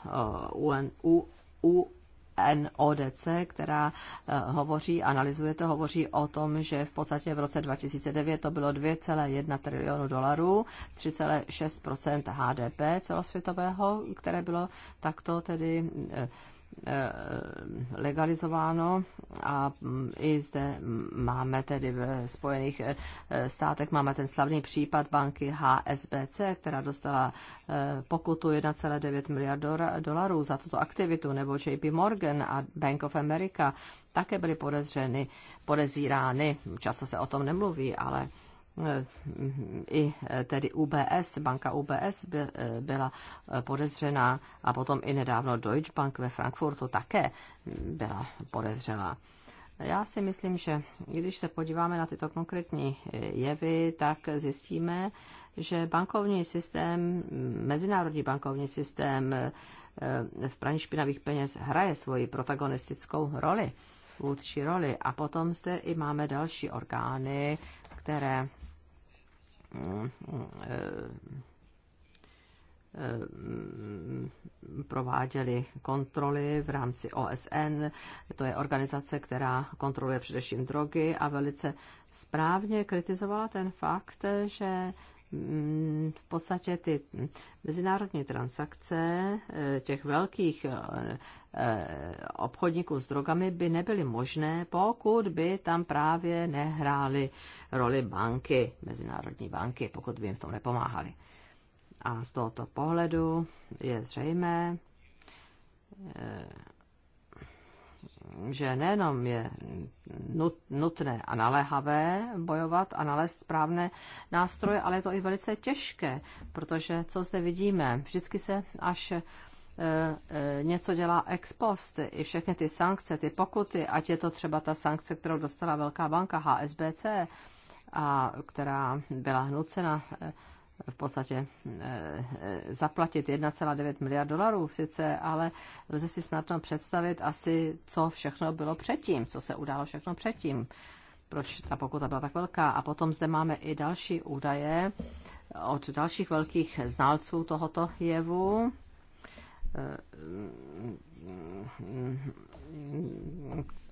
UN, U, NODC, která eh, hovoří, analyzuje to, hovoří o tom, že v podstatě v roce 2009 to bylo 2,1 trilionu dolarů, 3,6 HDP celosvětového, které bylo takto tedy eh, Eh, legalizováno a mm, i zde máme tedy ve Spojených eh, státech máme ten slavný případ banky HSBC, která dostala eh, pokutu 1,9 miliard dolarů za tuto aktivitu, nebo JP Morgan a Bank of America také byly podezřeny, podezírány, často se o tom nemluví, ale Eh, i eh, tedy UBS, banka UBS by, eh, byla podezřená a potom i nedávno Deutsche Bank ve Frankfurtu také byla podezřelá. Já si myslím, že když se podíváme na tyto konkrétní jevy, tak zjistíme, že bankovní systém, mezinárodní bankovní systém v praní špinavých peněz hraje svoji protagonistickou roli, vůdčí roli. A potom zde i máme další orgány, které prováděli kontroly v rámci OSN. To je organizace, která kontroluje především drogy a velice správně kritizovala ten fakt, že Mm, v podstatě ty mezinárodní transakce eh, těch velkých eh, eh, obchodníků s drogami by nebyly možné, pokud by tam právě nehrály roli banky, mezinárodní banky, pokud by jim v tom nepomáhali. A z tohoto pohledu je zřejmé, že nejenom je nutné a naléhavé bojovat a nalézt správné nástroje, ale je to i velice těžké, protože co zde vidíme, vždycky se až e, e, něco dělá ex post, i všechny ty sankce, ty pokuty, ať je to třeba ta sankce, kterou dostala velká banka HSBC, a která byla hnucena e, v podstatě eh, eh, zaplatit 1,9 miliard dolarů sice, ale lze si snadno představit asi, co všechno bylo předtím, co se událo všechno předtím, proč ta pokuta byla tak velká. A potom zde máme i další údaje od dalších velkých znalců tohoto jevu,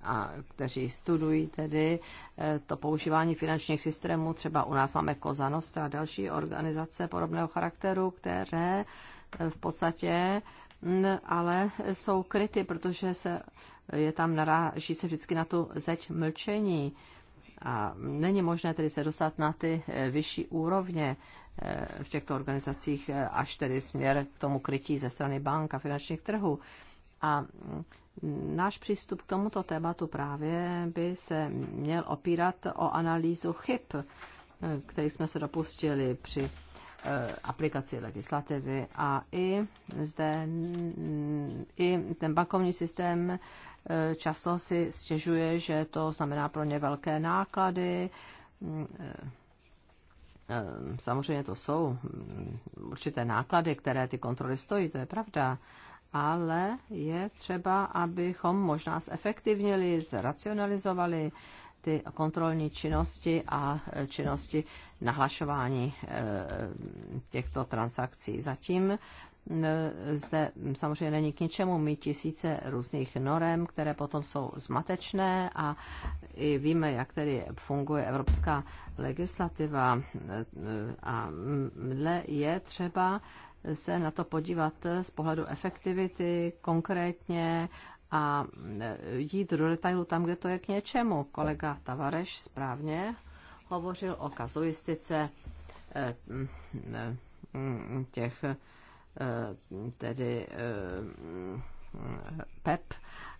a kteří studují tedy eh, to používání finančních systémů. Třeba u nás máme Kozanost a další organizace podobného charakteru, které eh, v podstatě mm, ale jsou kryty, protože se, eh, je tam naráží se vždycky na tu zeď mlčení. A není možné tedy se dostat na ty vyšší úrovně Eh, v těchto organizacích eh, až tedy směr k tomu krytí ze strany bank a finančních trhů. A mm, náš přístup k tomuto tématu právě by se měl opírat o analýzu chyb, eh, který jsme se dopustili při aplikaci legislativy a i zde mm, i ten bankovní systém často si stěžuje, že to znamená pro ně velké náklady, mm, Eh, samozřejmě to jsou mm, určité náklady, které ty kontroly stojí, to je pravda, ale je třeba, abychom možná zefektivnili, zracionalizovali ty kontrolní činnosti a eh, činnosti nahlašování eh, těchto transakcí. Zatím zde samozřejmě není k ničemu mít tisíce různých norem, které potom jsou zmatečné a i víme, jak tedy funguje evropská legislativa a je třeba se na to podívat z pohledu efektivity konkrétně a jít do detailu tam, kde to je k něčemu. Kolega Tavareš správně hovořil o kazuistice eh, těch Eh, tedy eh, PEP,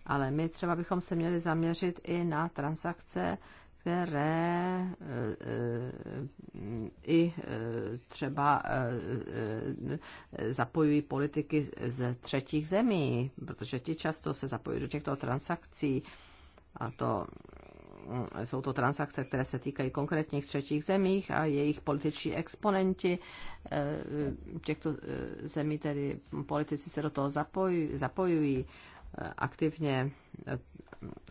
ale my třeba bychom se měli zaměřit i na transakce, které eh, i třeba zapojují politiky ze třetích zemí, protože ti často se zapojují do těchto transakcí a to jsou to transakce, které se týkají konkrétních třetích zemích a jejich političtí exponenti eh, těchto eh, zemí, tedy politici se do toho zapojují, zapojují eh, aktivně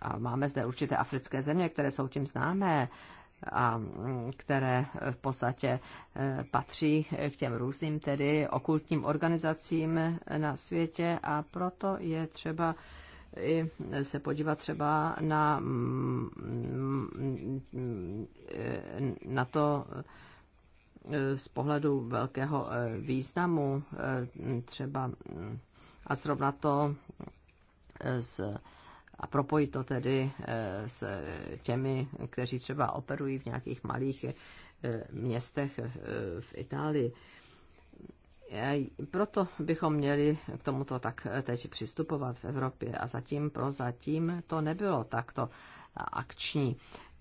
a máme zde určité africké země, které jsou tím známé a mm, které v podstatě patří k těm různým tedy okultním organizacím na světě a proto je třeba i se podívat třeba na, na to z pohledu velkého významu třeba a srovnat to s a propojit to tedy s těmi, kteří třeba operují v nějakých malých městech v Itálii. Proto bychom měli k tomuto tak teď přistupovat v Evropě a zatím pro zatím to nebylo takto akční.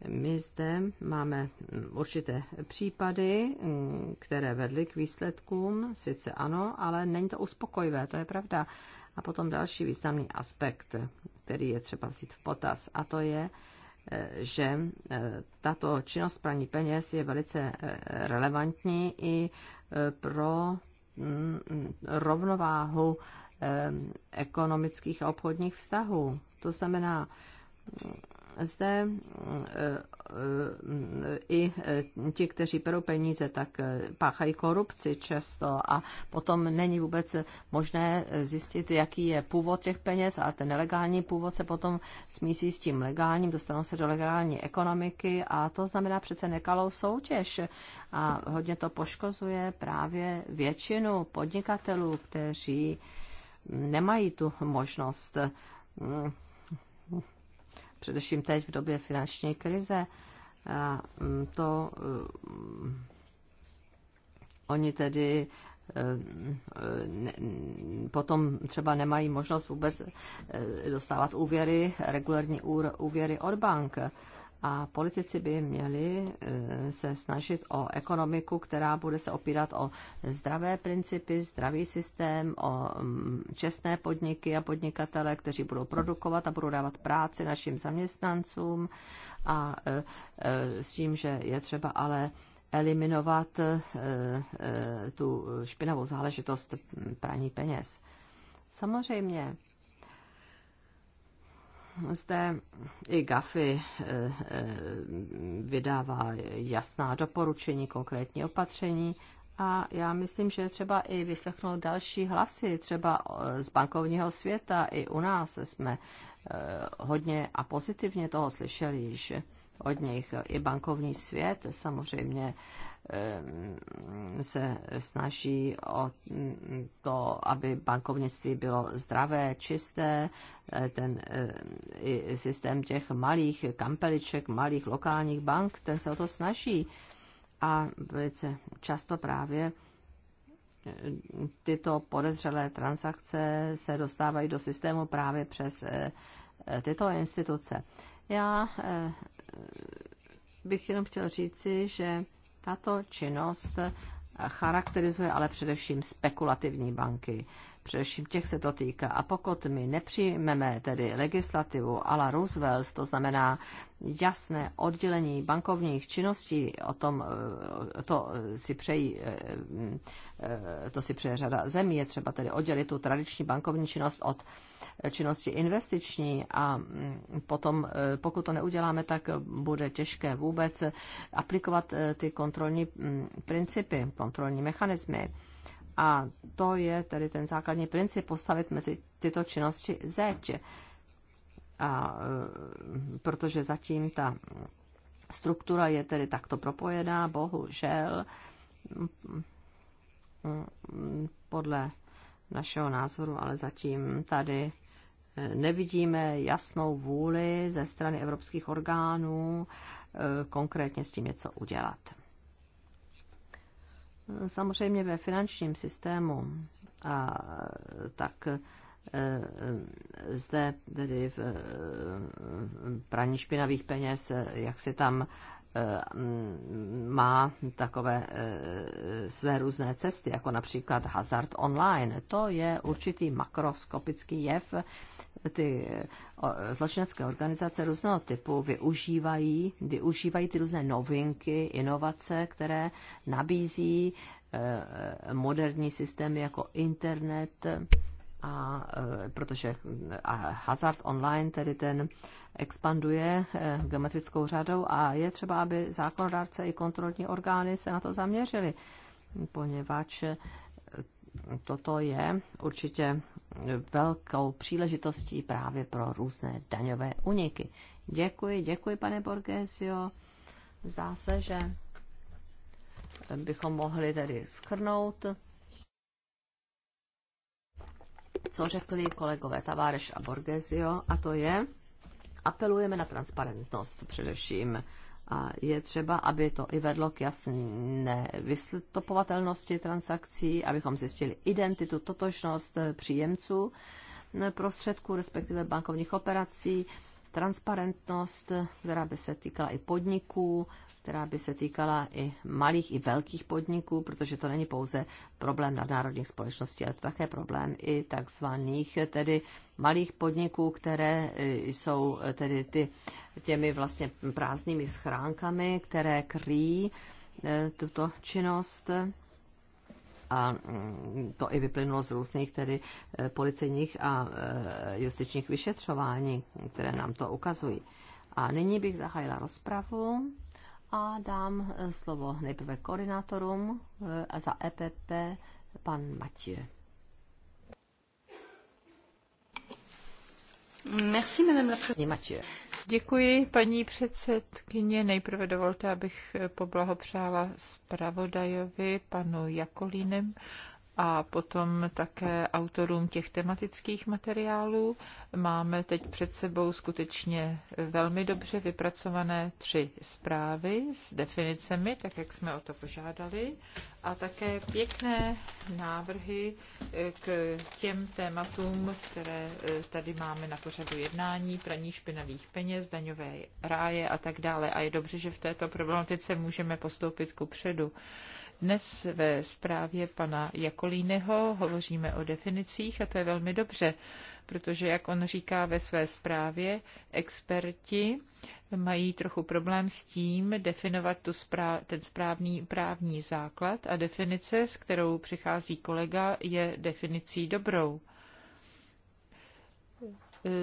My zde máme určité případy, které vedly k výsledkům, sice ano, ale není to uspokojivé, to je pravda. A potom další významný aspekt, který je třeba vzít v potaz, a to je, že e, tato činnost praní peněz je velice e, relevantní i e, pro Mm, rovnováhu ekonomických a obchodních vztahů. To znamená, zde eh, eh, i ti, kteří perou peníze, tak eh, páchají korupci často a potom není vůbec možné zjistit, jaký je původ těch peněz a ten nelegální původ se potom smísí s tím legálním, dostanou se do legální ekonomiky a to znamená přece nekalou soutěž a hodně to poškozuje právě většinu podnikatelů, kteří nemají tu možnost mm, především teď v době finanční krize. A mm, to mm, oni tedy e, potom třeba nemají možnost vůbec e, dostávat úvěry, regulární úvěry od bank a politici by měli eh, se snažit o ekonomiku, která bude se opírat o zdravé principy, zdravý systém, o mm, čestné podniky a podnikatele, kteří budou produkovat a budou dávat práci našim zaměstnancům a eh, eh, s tím, že je třeba ale eliminovat tu špinavou záležitost praní peněz. Samozřejmě zde i GAFI eh, eh, vydává jasná doporučení, konkrétní opatření a já myslím, že třeba i vyslechnout další hlasy, třeba eh, z bankovního světa, i u nás jsme hodně a pozitivně toho slyšeli Že od nich. I bankovní svět samozřejmě eh, se snaží o to, aby bankovnictví bylo zdravé, čisté, eh, ten eh, systém těch malých kampeliček, malých lokálních bank, ten se o to snaží. A velice často právě tyto podezřelé transakce se dostávají do systému právě přes tyto instituce. Já bych jenom chtěl říci, že tato činnost charakterizuje ale především spekulativní banky. Především těch se to týká. A pokud my nepřijmeme tedy legislativu la Roosevelt, to znamená jasné oddělení bankovních činností, o tom eh, to si přejí, eh, eh, to si přeje řada zemí, je třeba tedy oddělit tu tradiční bankovní činnost od činnosti investiční a mm, potom, pokud to neuděláme, tak bude těžké vůbec aplikovat ty kontrolní mm, principy, kontrolní mechanismy. A to je tedy ten základní princip postavit mezi tyto činnosti zeď. A e, protože zatím ta struktura je tedy takto propojená, bohužel podle našeho názoru, ale zatím tady e, nevidíme jasnou vůli ze strany evropských orgánů e, konkrétně s tím něco udělat samozřejmě ve finančním systému a tak e, e, zde tedy v e, praní špinavých peněz, jak si tam Eh, má takové eh, své různé cesty, jako například hazard online. To je určitý makroskopický jev. Ty eh, zločinecké organizace různého typu využívají, využívají ty různé novinky, inovace, které nabízí moderní systémy jako internet, a e, protože e, a hazard online tedy ten expanduje e, geometrickou řadou a je třeba, aby zákonodárce i kontrolní orgány se na to zaměřili, poněvadž toto je určitě velkou příležitostí právě pro různé daňové uniky. Děkuji, děkuji, pane Borgesio. Zdá se, že bychom mohli tedy schrnout co řekli kolegové Taváreš a Borgesio, a to je, apelujeme na transparentnost především. A je třeba, aby to i vedlo k jasné vystupovatelnosti transakcí, abychom zjistili identitu, totožnost příjemců prostředků, respektive bankovních operací, transparentnost, která by se týkala i podniků, která by se týkala i malých i velkých podniků, protože to není pouze problém nadnárodních společností, ale to také problém i takzvaných tedy malých podniků, které e, jsou tedy ty, těmi vlastně prázdnými schránkami, které kryjí e, tuto činnost a mm, to i vyplynulo z různých tedy eh, policejních a eh, justičních vyšetřování, které nám to ukazují. A nyní bych zahájila rozpravu a dám eh, slovo nejprve koordinátorům za EPP pan Matěj. Merci, madame la présidente. Děkuji, paní předsedkyně. Nejprve dovolte, abych poblahopřála zpravodajovi panu Jakolínem a potom také autorům těch tematických materiálů. Máme teď před sebou skutečně velmi dobře vypracované tři zprávy s definicemi, tak jak jsme o to požádali, a také pěkné návrhy eh, k těm tématům, které eh, tady máme na pořadu jednání, praní špinavých peněz, daňové ráje a tak dále. A je dobře, že v této problematice můžeme postoupit ku předu. Dnes ve zprávě pana Jakolíneho hovoříme o definicích a to je velmi dobře, protože, jak on říká ve své zprávě, experti mají trochu problém s tím definovat tu správ, ten správný právní základ a definice, s kterou přichází kolega, je definicí dobrou.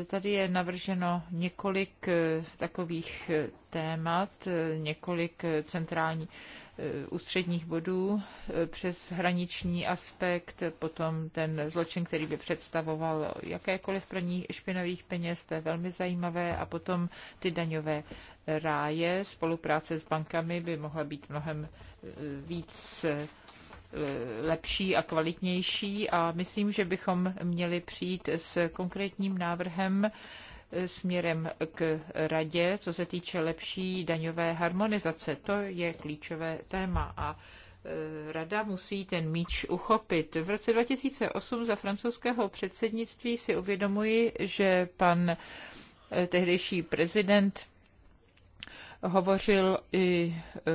Tady je navrženo několik takových témat, několik centrální Eh, ústředních bodů eh, přes hraniční aspekt, potom ten zločin, který by představoval jakékoliv praní špinavých peněz, to je velmi zajímavé, a potom ty daňové ráje, spolupráce s bankami by mohla být mnohem eh, víc lepší a kvalitnější a myslím, že bychom měli přijít s konkrétním návrhem směrem k radě, co se týče lepší daňové harmonizace. To je klíčové téma a e, Rada musí ten míč uchopit. V roce 2008 za francouzského předsednictví si uvědomuji, že pan e, tehdejší prezident hovořil i e,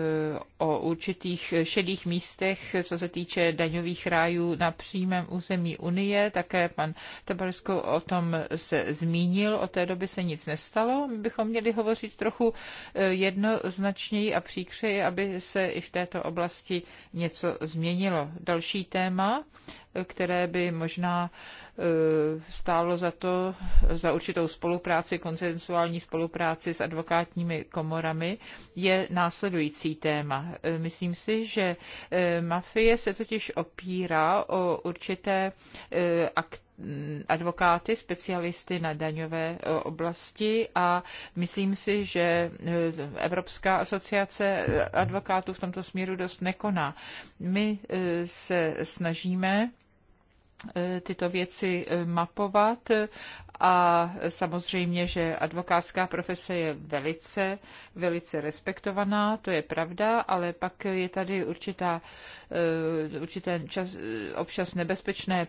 o určitých šedých místech, co se týče daňových rájů na přímém území Unie. Také pan Tabarsko o tom se zmínil. Od té doby se nic nestalo. My bychom měli hovořit trochu e, jednoznačněji a příkřeji, aby se i v této oblasti něco změnilo. Další téma které by možná eh, stálo za to, za určitou spolupráci, konsensuální spolupráci s advokátními komorami, je následující téma. Eh, myslím si, že eh, mafie se totiž opírá o určité akty, advokáty, specialisty na daňové oblasti a myslím si, že Evropská asociace advokátů v tomto směru dost nekoná. My se snažíme E, tyto věci e, mapovat a samozřejmě, že advokátská profese je velice, velice respektovaná, to je pravda, ale pak je tady určitá, e, určité čas, občas nebezpečné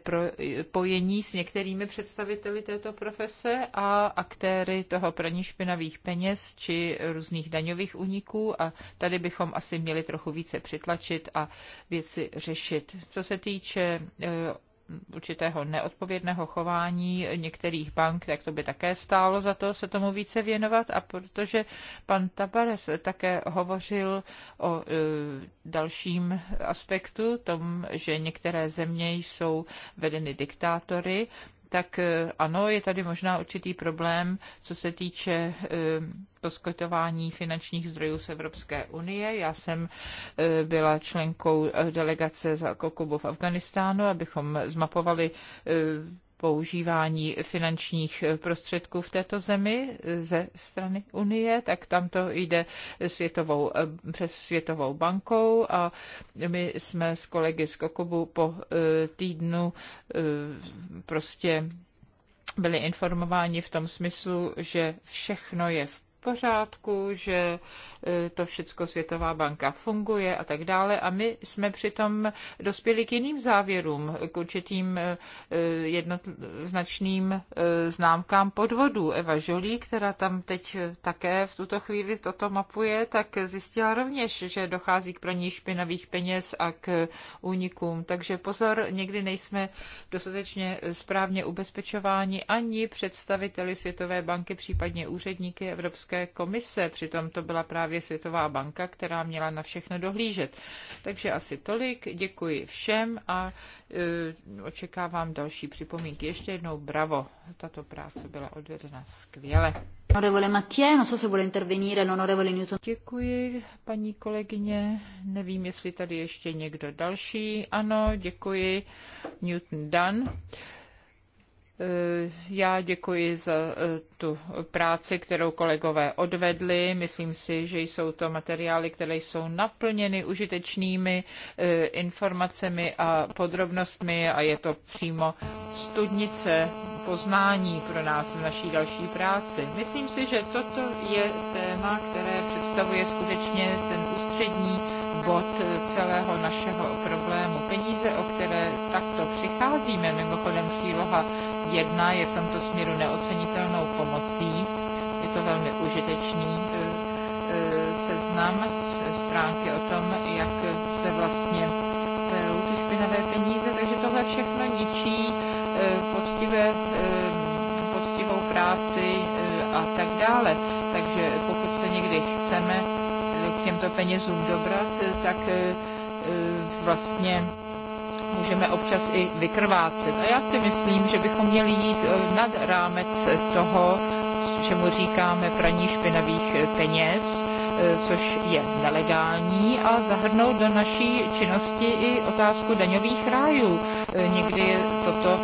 pojení s některými představiteli této profese a aktéry toho praní špinavých peněz či různých daňových úniků a tady bychom asi měli trochu více přitlačit a věci řešit. Co se týče určitého neodpovědného chování některých bank, tak to by také stálo za to se tomu více věnovat. A protože pan Tabares také hovořil o e, dalším aspektu, tom, že některé země jsou vedeny diktátory, tak eh, ano, je tady možná určitý problém, co se týče eh, poskytování finančních zdrojů z Evropské unie. Já jsem eh, byla členkou delegace za jako Kokubu v Afganistánu, abychom zmapovali používání finančních prostředků v této zemi ze strany Unie, tak tam to jde světovou, eh, přes Světovou bankou a my jsme s kolegy z Kokobu po eh, týdnu eh, prostě byli informováni v tom smyslu, že všechno je v pořádku, že e, to všecko Světová banka funguje a tak dále. A my jsme přitom dospěli k jiným závěrům, k určitým e, e, jednoznačným známkám podvodů. Eva Žolí, která tam teď také v tuto chvíli toto mapuje, tak zjistila rovněž, že dochází k praní špinavých peněz a k únikům. Takže pozor, někdy nejsme dostatečně správně ubezpečováni ani představiteli Světové banky, případně úředníky Evropské Evropské komise. Přitom to byla právě Světová banka, která měla na všechno dohlížet. Takže asi tolik. Děkuji všem a e, očekávám další připomínky. Ještě jednou bravo. Tato práce byla odvedena skvěle. No děkuji, paní kolegyně. Nevím, jestli tady ještě někdo další. Ano, děkuji. Newton Dunn. Eh, já děkuji za eh, tu práci, kterou kolegové odvedli. Myslím si, že jsou to materiály, které jsou naplněny užitečnými eh, informacemi a podrobnostmi a je to přímo studnice poznání pro nás v naší další práci. Myslím si, že toto je téma, které představuje skutečně ten ústřední bod celého našeho problému. Peníze, o které takto přicházíme, mimochodem příloha Jedna je v tomto směru neocenitelnou pomocí. Je to velmi užitečný e, e, seznam stránky o tom, jak se vlastně berou ty špinavé peníze, takže tohle všechno ničí e, poctivé, poctivou práci a tak dále. Takže pokud se někdy chceme k těmto penězům dobrat, tak vlastně můžeme občas i vykrvácet. A já si myslím, že bychom měli jít eh, nad rámec toho, čemu říkáme praní špinavých eh, peněz, eh, což je nelegální, a zahrnout do naší činnosti i otázku daňových rájů. Někdy je toto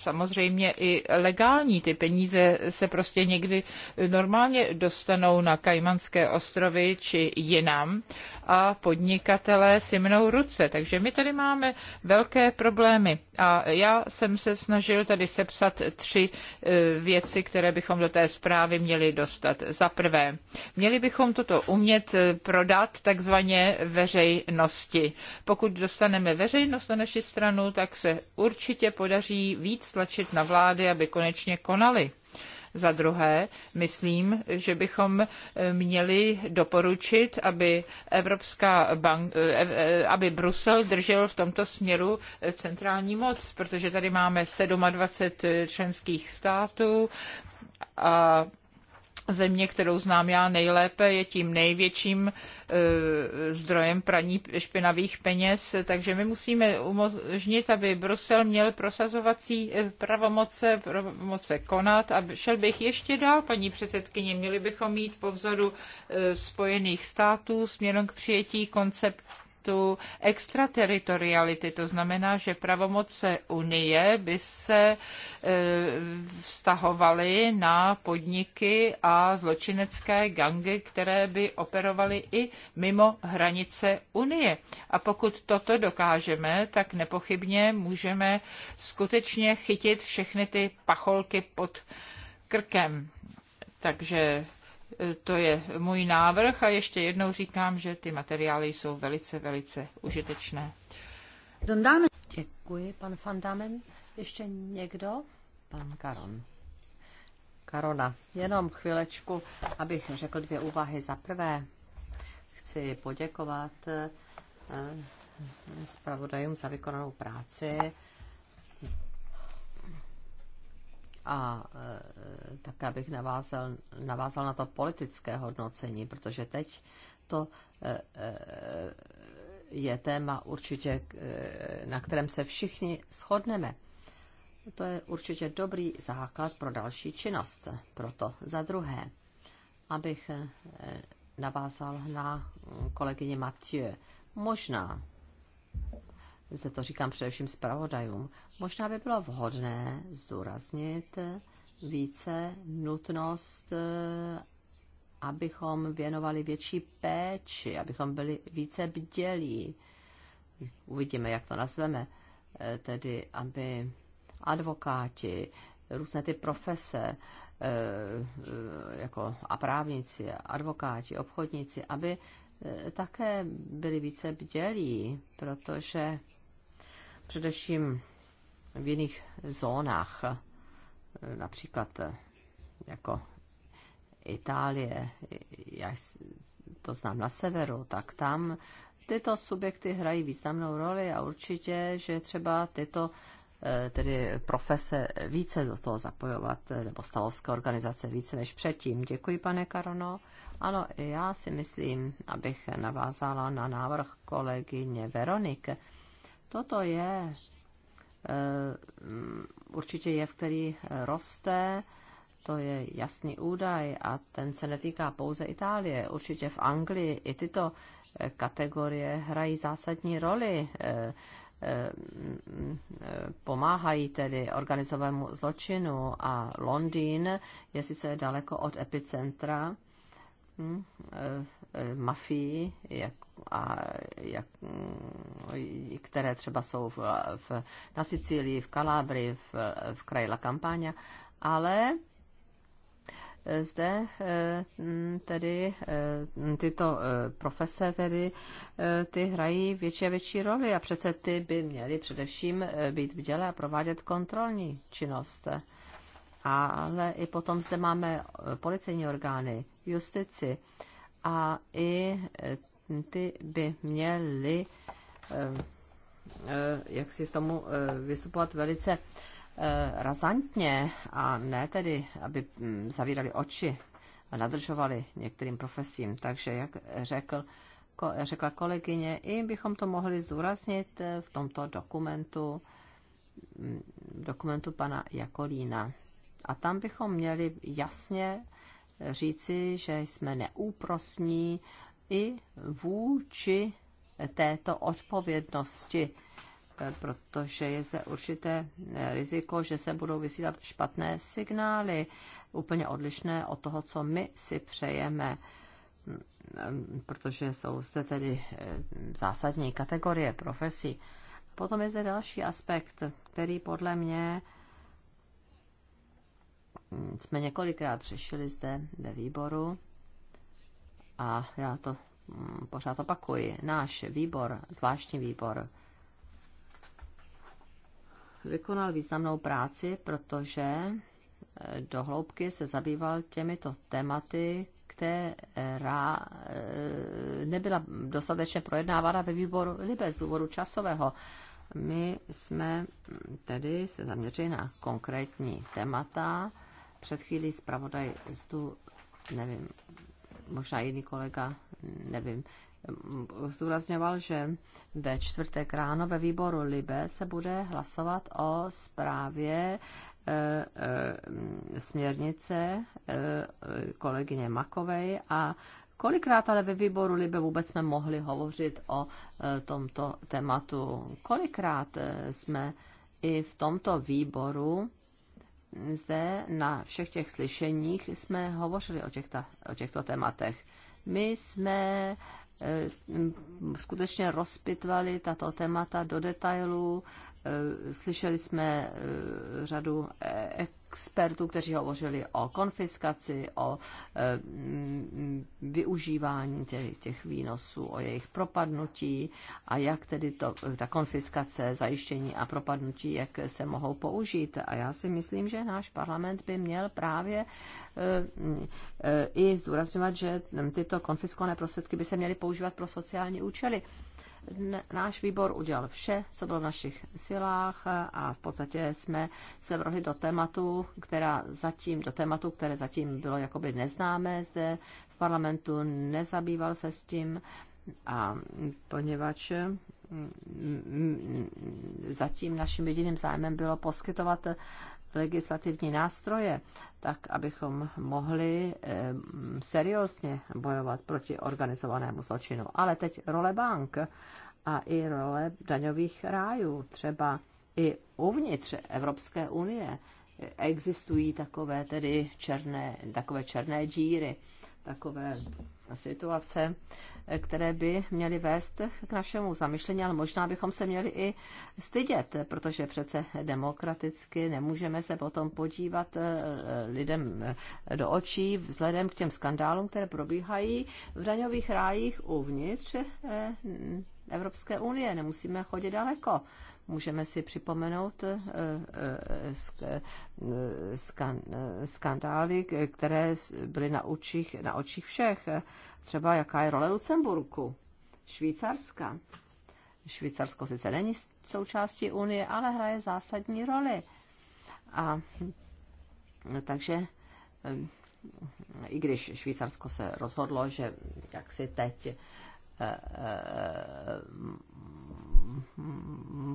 samozřejmě i legální. Ty peníze se prostě někdy normálně dostanou na Kajmanské ostrovy či jinam a podnikatelé si mnou ruce. Takže my tady máme velké problémy. A já jsem se snažil tady sepsat tři e, věci, které bychom do té zprávy měli dostat. Za prvé, měli bychom toto umět e, prodat takzvaně veřejnosti. Pokud dostaneme veřejnost na naši stranu, tak se určitě podaří víc stlačit na vlády, aby konečně konali. Za druhé, myslím, že bychom eh, měli doporučit, aby Evropská bank, eh, eh, aby Brusel držel v tomto směru centrální moc, protože tady máme 27 členských států a Země, kterou znám já nejlépe, je tím největším e, zdrojem praní špinavých peněz, takže my musíme umožnit, aby Brusel měl prosazovací e, pravomoce, pravomoce konat a šel bych ještě dál, paní předsedkyně, měli bychom mít po vzoru e, Spojených států směrem k přijetí koncept tu extrateritoriality. To znamená, že pravomoce Unie by se e, vztahovaly na podniky a zločinecké gangy, které by operovaly i mimo hranice Unie. A pokud toto dokážeme, tak nepochybně můžeme skutečně chytit všechny ty pacholky pod krkem. Takže to je můj návrh a ještě jednou říkám, že ty materiály jsou velice, velice užitečné. Dondáme. Děkuji, pan Fandamen. Ještě někdo? Pan Karon. Karona, jenom chvilečku, abych řekl dvě úvahy. Za prvé chci poděkovat eh, zpravodajům za vykonanou práci a e, abych bych navázal, navázal na to politické hodnocení, protože teď to e, e, je téma určitě, e, na kterém se všichni shodneme. To je určitě dobrý základ pro další činnost. Proto za druhé, abych e, navázal na kolegyně Mathieu. Možná zde to říkám především zpravodajům, možná by bylo vhodné zdůraznit více nutnost, eh, abychom věnovali větší péči, abychom byli více bdělí. Uvidíme, jak to nazveme. Eh, tedy, aby advokáti, různé ty profese, eh, jako a právníci, advokáti, obchodníci, aby také byli více bdělí, protože především v jiných zónách, například eh, jako Itálie, já to znám na severu, tak tam tyto subjekty hrají významnou roli a určitě, že třeba tyto eh, tedy profese více do toho zapojovat, eh, nebo stavovské organizace více než předtím. Děkuji, pane Karono. Ano, já si myslím, abych navázala na návrh kolegyně Veronik Toto je eh, mm, určitě jev, který eh, roste, to je jasný údaj a ten se netýká pouze Itálie. Určitě v Anglii i tyto eh, kategorie hrají zásadní roli, mm, pomáhají tedy organizovému zločinu a Londýn je sice daleko od epicentra hm, mafii, jak a jak, které třeba jsou v, v, na Sicílii, v Kalábri, v, v kraji La Campania, ale eh, zde eh, tedy eh, tyto profese tedy ty hrají větší a větší roli a přece ty by měly především být děle a provádět kontrolní činnost. Ale i potom zde máme policejní orgány, justici a i ty by měly eh, eh, jak si tomu eh, vystupovat velice razantně a ne tedy, aby hm, zavírali oči a nadržovali některým profesím. Takže, jak řekl, řekla kolegyně, i bychom to mohli zúraznit v tomto dokumentu, hm, dokumentu pana Jakolína. A tam bychom měli jasně říci, že jsme neúprosní i vůči této odpovědnosti, eh, protože je zde určité eh, riziko, že se budou vysílat špatné signály, úplně odlišné od toho, co my si přejeme, mm, eh, protože jsou zde tedy zásadní kategorie profesí. Potom je zde další aspekt, který podle mě mm, jsme několikrát řešili zde ve výboru, a já to mm, pořád opakuji, náš výbor, zvláštní výbor, vykonal významnou práci, protože eh, do hloubky se zabýval těmito tématy, která eh, nebyla dostatečně projednávána ve výboru Libe z důvodu časového. My jsme mm, tedy se zaměřili na konkrétní témata. Před chvílí zpravodaj zdu, nevím, možná jiný kolega, nevím, zdůrazňoval, že ve čtvrtek ráno ve výboru Libe se bude hlasovat o zprávě e, e, směrnice e, kolegyně Makovej a Kolikrát ale ve výboru Libe vůbec jsme mohli hovořit o tomto tématu? Kolikrát jsme i v tomto výboru zde na všech těch slyšeních jsme hovořili o, těchta, o těchto tématech. My jsme eh, skutečně rozpitvali tato témata do detailů. Eh, slyšeli jsme eh, řadu expertů, kteří hovořili o konfiskaci, o eh, mm, využívání těch, těch výnosů, o jejich propadnutí a jak tedy to, eh, ta konfiskace, zajištění a propadnutí, jak se mohou použít. A já si myslím, že náš parlament by měl právě eh, mm, i zdůrazňovat, že tyto konfiskované prostředky by se měly používat pro sociální účely náš výbor udělal vše, co bylo v našich silách a v podstatě jsme se vrhli do tématu, která zatím, do tématu, které zatím bylo jakoby neznámé zde v parlamentu, nezabýval se s tím a poněvadž mm, mm, mm, zatím naším jediným zájmem bylo poskytovat legislativní nástroje, tak abychom mohli seriózně bojovat proti organizovanému zločinu. Ale teď role bank a i role daňových rájů, třeba i uvnitř Evropské unie existují takové tedy černé, takové černé díry takové situace, které by měly vést k našemu zamyšlení, ale možná bychom se měli i stydět, protože přece demokraticky nemůžeme se potom podívat eh, lidem eh, do očí vzhledem k těm skandálům, které probíhají v daňových rájích uvnitř eh, Evropské unie. Nemusíme chodit daleko. Můžeme si připomenout eh, eh, eh, skandály, které byly na očích, na očích všech. Třeba jaká je role Lucemburku, Švýcarska. Švýcarsko sice není součástí Unie, ale hraje zásadní roli. A takže i když Švýcarsko se rozhodlo, že jak si teď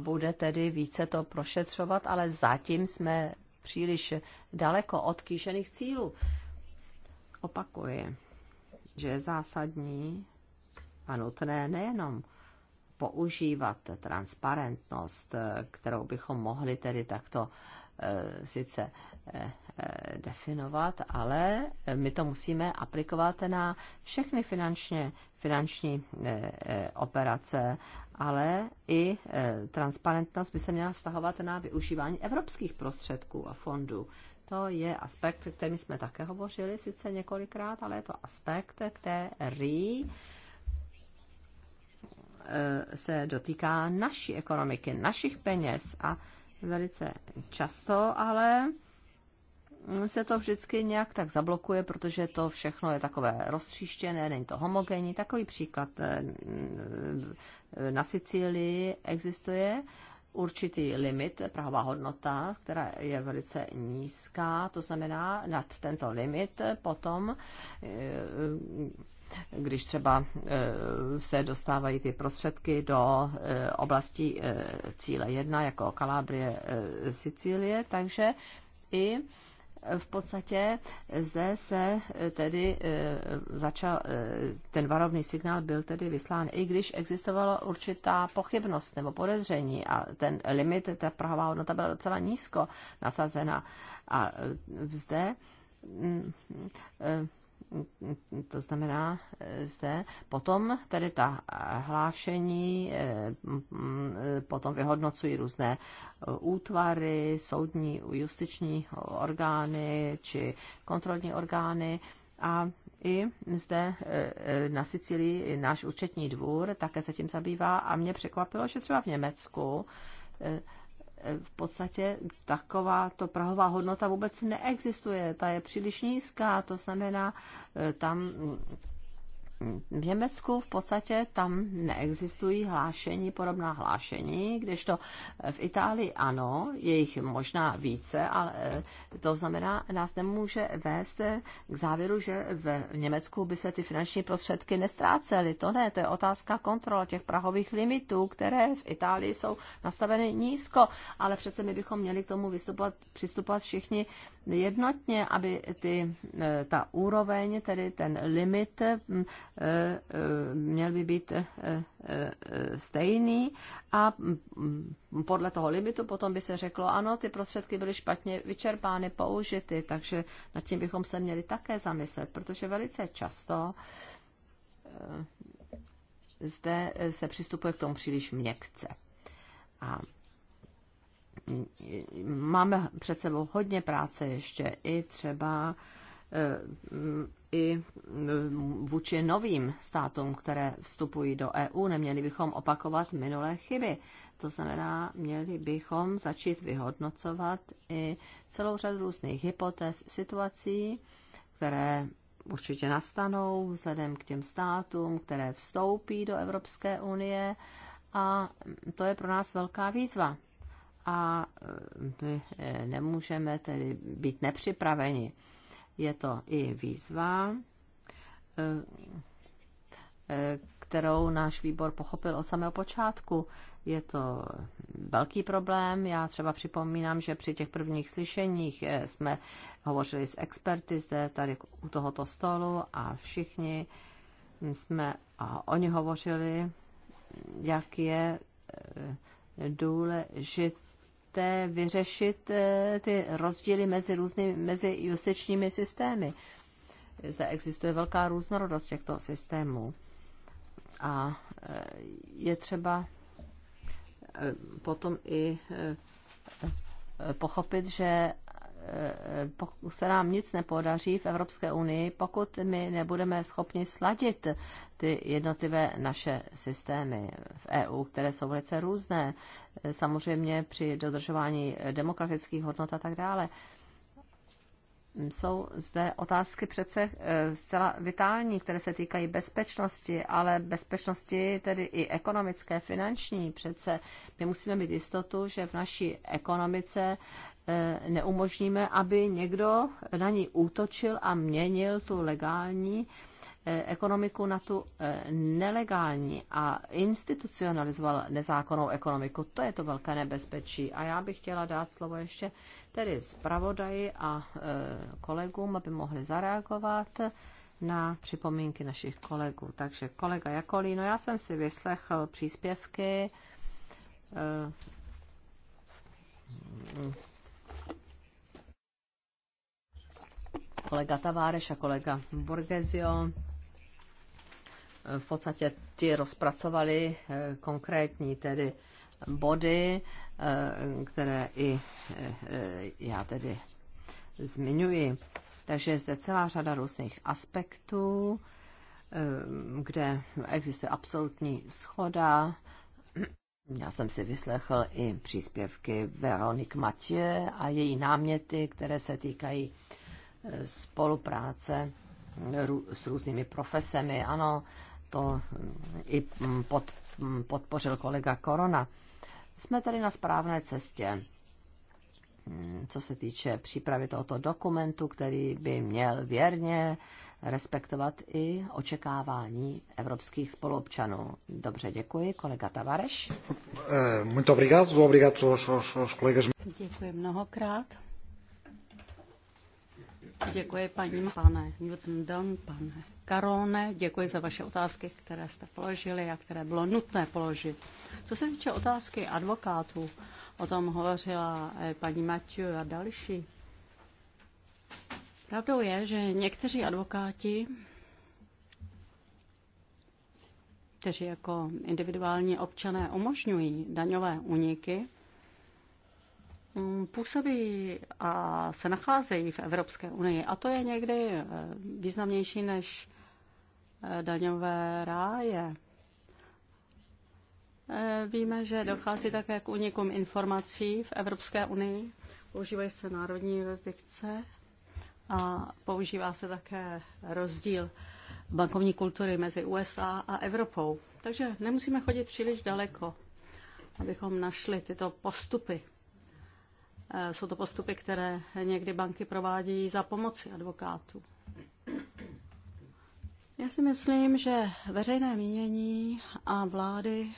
bude tedy více to prošetřovat, ale zatím jsme příliš daleko od kýšených cílů. Opakuji, že je zásadní a nutné nejenom používat transparentnost, kterou bychom mohli tedy takto eh, sice eh, eh, definovat, ale my to musíme aplikovat na všechny finančně, finanční operace ale i e, transparentnost by se měla vztahovat na využívání evropských prostředků a fondů. To je aspekt, který jsme také hovořili sice několikrát, ale je to aspekt, který e, se dotýká naší ekonomiky, našich peněz a velice často, ale se to vždycky nějak tak zablokuje, protože to všechno je takové roztříštěné, není to homogenní. Takový příklad eh, na Sicílii existuje určitý limit, prahová hodnota, která je velice nízká, to znamená nad tento limit potom eh, když třeba eh, se dostávají ty prostředky do oblasti cíle 1, jako Kalábrie, Sicílie, takže i v podstatě zde se eh, tedy eh, začal, eh, ten varovný signál byl tedy vyslán, i když existovala určitá pochybnost nebo podezření a ten limit, ta prahová hodnota byla docela nízko nasazena. A zde mm, to znamená eh, zde potom tedy ta eh, hlášení eh, mm, potom vyhodnocují různé útvary, soudní, justiční orgány či kontrolní orgány a i zde na Sicílii náš účetní dvůr také se tím zabývá a mě překvapilo, že třeba v Německu v podstatě taková to prahová hodnota vůbec neexistuje, ta je příliš nízká, to znamená, eh, tam v Německu v podstatě tam neexistují hlášení, podobná hlášení, kdežto v Itálii ano, je jich možná více, ale eh, to znamená, nás nemůže vést k závěru, že v Německu by se ty finanční prostředky nestrácely. To ne, to je otázka kontrola těch prahových limitů, které v Itálii jsou nastaveny nízko, ale přece my bychom měli k tomu vystupovat, přistupovat všichni jednotně, aby ty, eh, ta úroveň, tedy ten limit hm, E, e, měl by být e, stejný a podle toho limitu potom by se řeklo, ano, ty prostředky byly špatně vyčerpány, použity, takže nad tím bychom se měli také zamyslet, protože velice často zde se přistupuje k tomu příliš měkce. A máme před sebou hodně práce ještě i třeba i e, vůči novým státům, které vstupují do EU. Neměli bychom opakovat minulé chyby. To znamená, měli bychom začít vyhodnocovat i celou řadu různých hypotéz, situací, které určitě nastanou vzhledem k těm státům, které vstoupí do Evropské unie a to je pro nás velká výzva. A e, my e, nemůžeme tedy být nepřipraveni je to i výzva, eh, eh, kterou náš výbor pochopil od samého počátku. Je to velký problém. Já třeba připomínám, že při těch prvních slyšeních eh, jsme hovořili s experty zde tady u tohoto stolu a všichni jsme a oni hovořili, jak je důležit důležité vyřešit eh, ty rozdíly mezi, různý, mezi justičními systémy. Zde existuje velká různorodost těchto systémů a eh, je třeba eh, potom i pochopit, že se nám nic nepodaří v Evropské unii, pokud my nebudeme schopni sladit ty jednotlivé naše systémy v EU, které jsou velice různé, samozřejmě při dodržování demokratických hodnot a tak dále. Jsou zde otázky přece eh, zcela vitální, které se týkají bezpečnosti, ale bezpečnosti tedy i ekonomické, finanční. Přece my musíme mít jistotu, že v naší ekonomice Eh, neumožníme, aby někdo na ní útočil a měnil tu legální eh, ekonomiku na tu eh, nelegální a institucionalizoval nezákonnou ekonomiku. To je to velké nebezpečí. A já bych chtěla dát slovo ještě tedy zpravodaji a kolegům, aby mohli zareagovat na připomínky našich kolegů. Takže kolega Jakolíno, já jsem si vyslechl příspěvky kolega Taváreš a kolega Borgesio. V podstatě ti rozpracovali eh, konkrétní tedy body, eh, které i eh, já tedy zmiňuji. Takže je zde celá řada různých aspektů, kde existuje absolutní schoda. Já jsem si vyslechl i příspěvky Veronik Matě a její náměty, které se týkají spolupráce s různými profesemi. Ano, to i mm, pod, mm, podpořil kolega Korona. Jsme tedy na správné cestě, mm, co se týče přípravy tohoto dokumentu, který by měl věrně respektovat i očekávání evropských spoluobčanů. Dobře, děkuji. Kolega Tavareš. Eh, muito obrigado, obrigado aos colegas. Děkuji mnohokrát. Děkuji paní pane Newton Dunn, pane Karone, děkuji za vaše otázky, které jste položili a které bylo nutné položit. Co se týče otázky advokátů, o tom hovořila eh, paní Matiu a další. Pravdou je, že někteří advokáti, kteří jako individuální občané umožňují daňové úniky, Mm, působí a se nacházejí v Evropské unii. A to je někdy eh, významnější než eh, daňové ráje. Eh, víme, že dochází také k unikům informací v Evropské unii. Používají se národní jurisdikce a používá se také rozdíl bankovní kultury mezi USA a Evropou. Takže nemusíme chodit příliš daleko, abychom našli tyto postupy Eh, jsou to postupy, které někdy banky provádějí za pomoci advokátů. Já si myslím, že veřejné mínění a vlády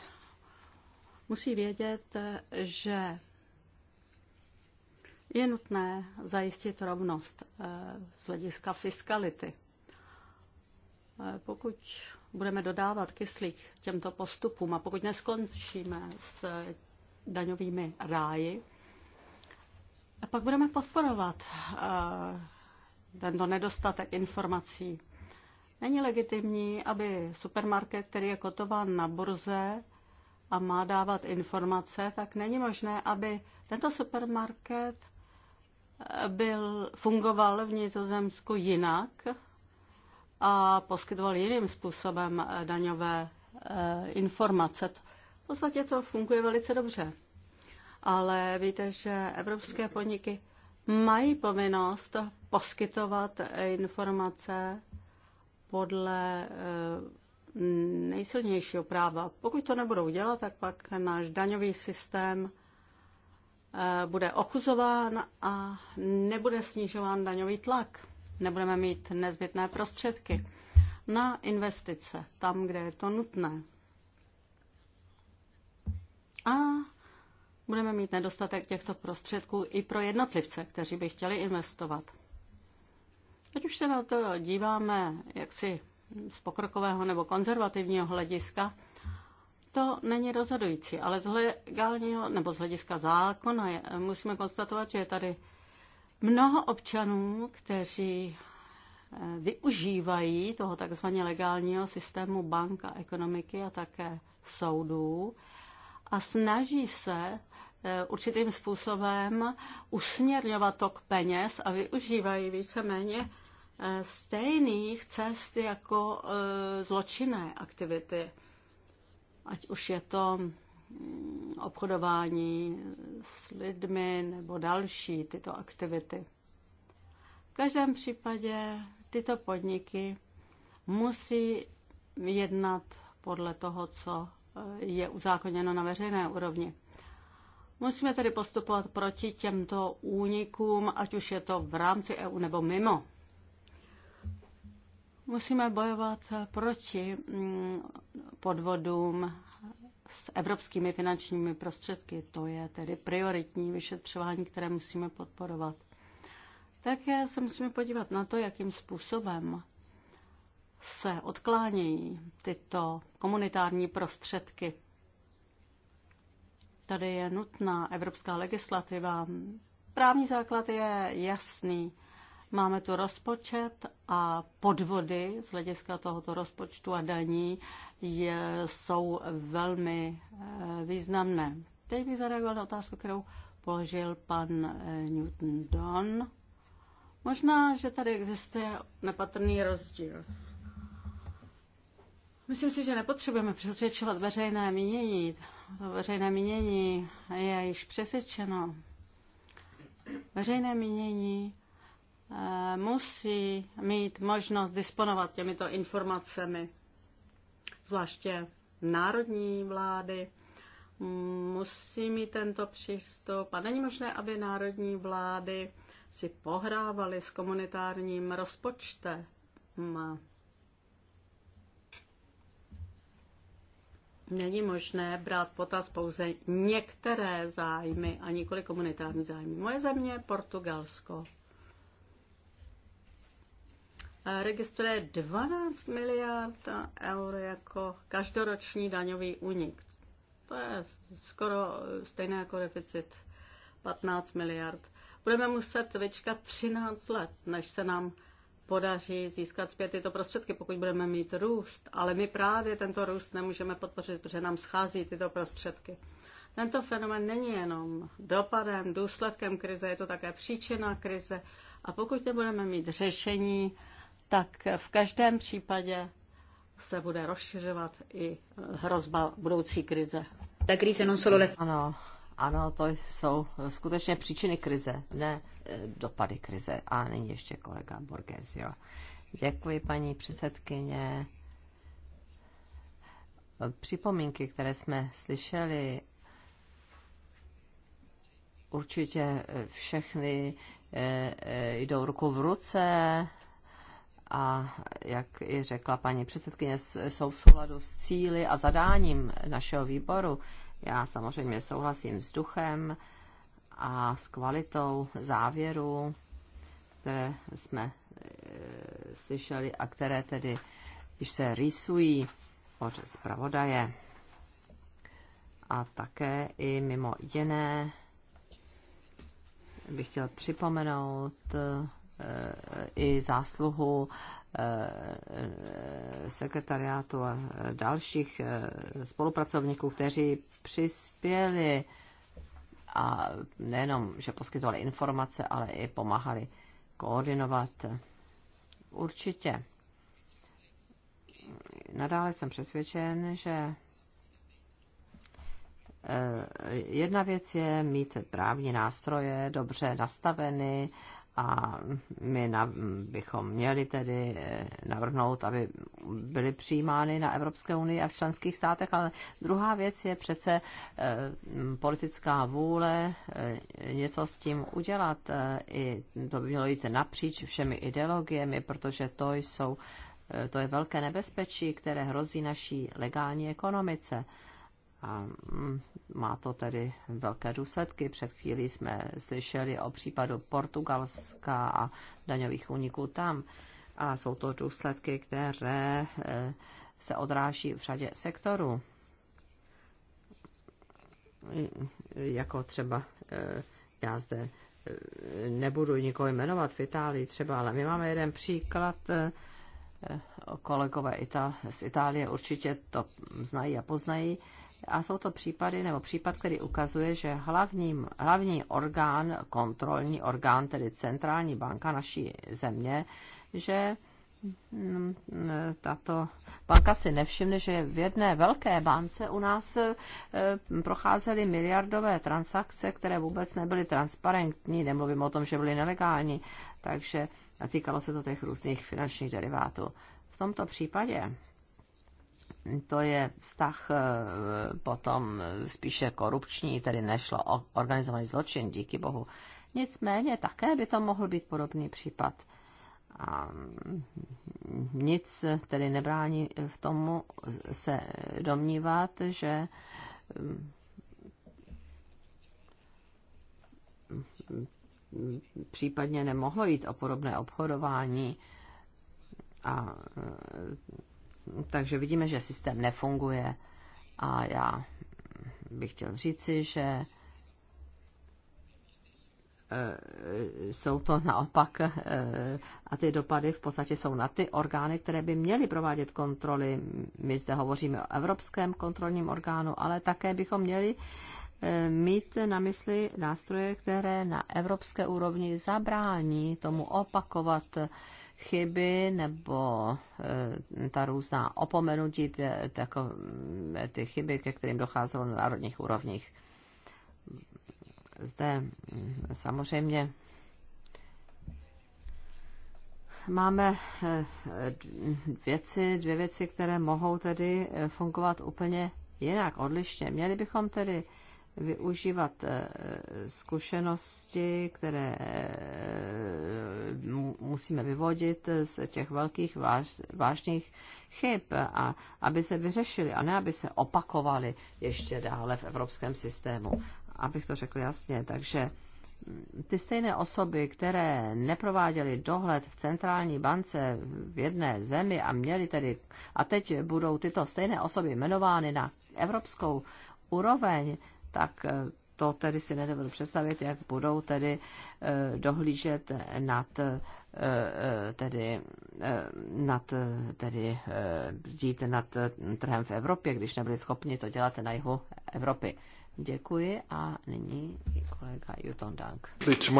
musí vědět, že je nutné zajistit rovnost eh, z hlediska fiskality. Eh, pokud budeme dodávat kyslík těmto postupům a pokud neskončíme s daňovými ráji, a pak budeme podporovat eh, tento nedostatek informací. Není legitimní, aby supermarket, který je kotován na burze a má dávat informace, tak není možné, aby tento supermarket eh, byl, fungoval v Nizozemsku jinak a poskytoval jiným způsobem eh, daňové informace. V podstatě to funguje velice dobře ale víte, že evropské podniky mají povinnost poskytovat informace podle eh, nejsilnějšího práva. Pokud to nebudou dělat, tak pak náš daňový systém eh, bude ochuzován a nebude snižován daňový tlak. Nebudeme mít nezbytné prostředky na investice tam, kde je to nutné. A budeme mít nedostatek těchto prostředků i pro jednotlivce, kteří by chtěli investovat. Ať už se na to díváme jaksi z pokrokového nebo konzervativního hlediska, to není rozhodující, ale z legálního nebo z hlediska zákona je, musíme konstatovat, že je tady mnoho občanů, kteří eh, využívají toho takzvaně legálního systému bank a ekonomiky a také soudů a snaží se Eh, určitým způsobem usměrňovat tok peněz a využívají víceméně eh, stejných cest jako eh, zločinné aktivity. Ať už je to mm, obchodování s lidmi nebo další tyto aktivity. V každém případě tyto podniky musí jednat podle toho, co je uzákoněno na veřejné úrovni. Musíme tedy postupovat proti těmto únikům, ať už je to v rámci EU nebo mimo. Musíme bojovat proti mm, podvodům s evropskými finančními prostředky. To je tedy prioritní vyšetřování, které musíme podporovat. Také se musíme podívat na to, jakým způsobem se odklánějí tyto komunitární prostředky Tady je nutná evropská legislativa. Právní základ je jasný. Máme tu rozpočet a podvody z hlediska tohoto rozpočtu a daní je, jsou velmi eh, významné. Teď bych zareagoval na otázku, kterou položil pan eh, Newton Don. Možná, že tady existuje nepatrný rozdíl. Myslím si, že nepotřebujeme přesvědčovat veřejné mínění veřejné mínění je již přesvědčeno. Veřejné mínění eh, musí mít možnost disponovat těmito informacemi, zvláště národní vlády musí mít tento přístup a není možné, aby národní vlády si pohrávaly s komunitárním rozpočtem Není možné brát potaz pouze některé zájmy a nikoli komunitární zájmy. Moje země Portugalsko registruje 12 miliard eur jako každoroční daňový únik. To je skoro stejné jako deficit 15 miliard. Budeme muset vyčkat 13 let, než se nám podaří získat zpět tyto prostředky, pokud budeme mít růst. Ale my právě tento růst nemůžeme podpořit, protože nám schází tyto prostředky. Tento fenomen není jenom dopadem, důsledkem krize, je to také příčina krize. A pokud nebudeme mít řešení, tak v každém případě se bude rozšiřovat i hrozba budoucí krize. Ta krize non solo le... Ano, ano, to jsou skutečně příčiny krize, ne dopady krize. A nyní ještě kolega Borgesio. Děkuji, paní předsedkyně. Připomínky, které jsme slyšeli, určitě všechny eh, eh, jdou ruku v ruce a jak i řekla paní předsedkyně, jsou v souladu s cíly a zadáním našeho výboru. Já samozřejmě souhlasím s duchem a s kvalitou závěru, které jsme e, slyšeli a které tedy již se rýsují od zpravodaje. A také i mimo jiné bych chtěl připomenout e, e i zásluhu e, e, sekretariátu a dalších spolupracovníků, kteří přispěli a nejenom, že poskytovali informace, ale i pomáhali koordinovat. Určitě. Nadále jsem přesvědčen, že eh, jedna věc je mít právní nástroje dobře nastaveny, a my na, bychom měli tedy eh, navrhnout, aby byly přijímány na Evropské unii a v členských státech, ale druhá věc je přece eh, politická vůle eh, něco s tím udělat. I to by mělo jít napříč všemi ideologiemi, protože to jsou to je velké nebezpečí, které hrozí naší legální ekonomice. A mm, má to tedy velké důsledky. Před chvílí jsme slyšeli o případu Portugalska a daňových úniků tam. A jsou to důsledky, které eh, se odráží v řadě sektorů. Jako třeba eh, já zde eh, nebudu nikoho jmenovat v Itálii třeba, ale my máme jeden příklad, kolegové z Itálie určitě to znají a poznají, a jsou to případy, nebo případ, který ukazuje, že hlavním, hlavní orgán, kontrolní orgán, tedy centrální banka naší země, že mm, tato banka si nevšimne, že v jedné velké bance u nás e, procházely miliardové transakce, které vůbec nebyly transparentní, nemluvím o tom, že byly nelegální, takže týkalo se to těch různých finančních derivátů. V tomto případě to je vztah eh, potom spíše korupční, tedy nešlo o organizovaný zločin, díky bohu. Nicméně také by to mohl být podobný případ. A mm, nic tedy nebrání v tomu se domnívat, že mm, případně nemohlo jít o podobné obchodování a takže vidíme, že systém nefunguje a já bych chtěl říci, že e, jsou to naopak e, a ty dopady v podstatě jsou na ty orgány, které by měly provádět kontroly. My zde hovoříme o Evropském kontrolním orgánu, ale také bychom měli e, mít na mysli nástroje, které na evropské úrovni zabrání tomu opakovat chyby nebo eh, ta různá opomenutí, ty, ty chyby, ke kterým docházelo na národních úrovních. Zde hm, samozřejmě máme eh, věci, dvě věci, které mohou tedy eh, fungovat úplně jinak, odlišně. Měli bychom tedy využívat eh, zkušenosti, které eh, musíme vyvodit z těch velkých váž, vážných chyb, a aby se vyřešily, a ne aby se opakovali ještě dále v evropském systému. Abych to řekl jasně, takže mm, ty stejné osoby, které neprováděly dohled v centrální bance v jedné zemi a měly tedy, a teď budou tyto stejné osoby jmenovány na evropskou úroveň, tak eh, to tedy si nedovedu představit, jak budou tedy eh, dohlížet nad eh, tedy, nad, tedy dít nad trhem v Evropě, když nebyli schopni to dělat na jihu Evropy. Děkuji a nyní kolega Juton Dank.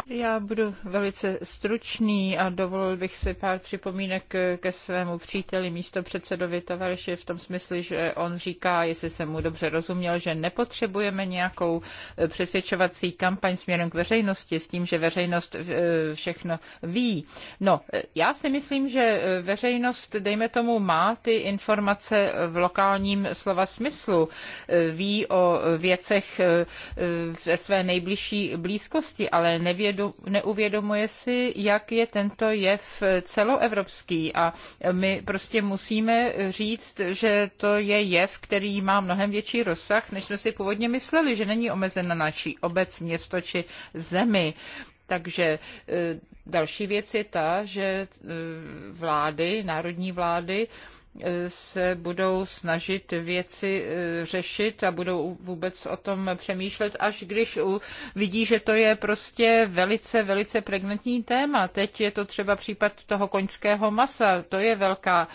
Já budu velice stručný a dovolil bych si pár připomínek ke svému příteli místo předsedovi Tavarši v tom smyslu, že on říká, jestli jsem mu dobře rozuměl, že nepotřebujeme nějakou eh, přesvědčovací kampaň směrem k veřejnosti s tím, že veřejnost eh, všechno ví. No, eh, já si myslím, že veřejnost, dejme tomu, má ty informace v lokálním slova smyslu. Ví o věcech, lidech ve eh, eh, své nejbližší blízkosti, ale nevědu, neuvědomuje si, jak je tento jev celoevropský. A my prostě musíme říct, že to je jev, který má mnohem větší rozsah, než jsme si původně mysleli, že není omezen na naší obec, město či zemi. Takže eh, Další věc je ta, že e, vlády, národní vlády, e, se budou snažit věci e, řešit a budou vůbec o tom přemýšlet, až když vidí, že to je prostě velice, velice pregnantní téma. Teď je to třeba případ toho koňského masa, to je velká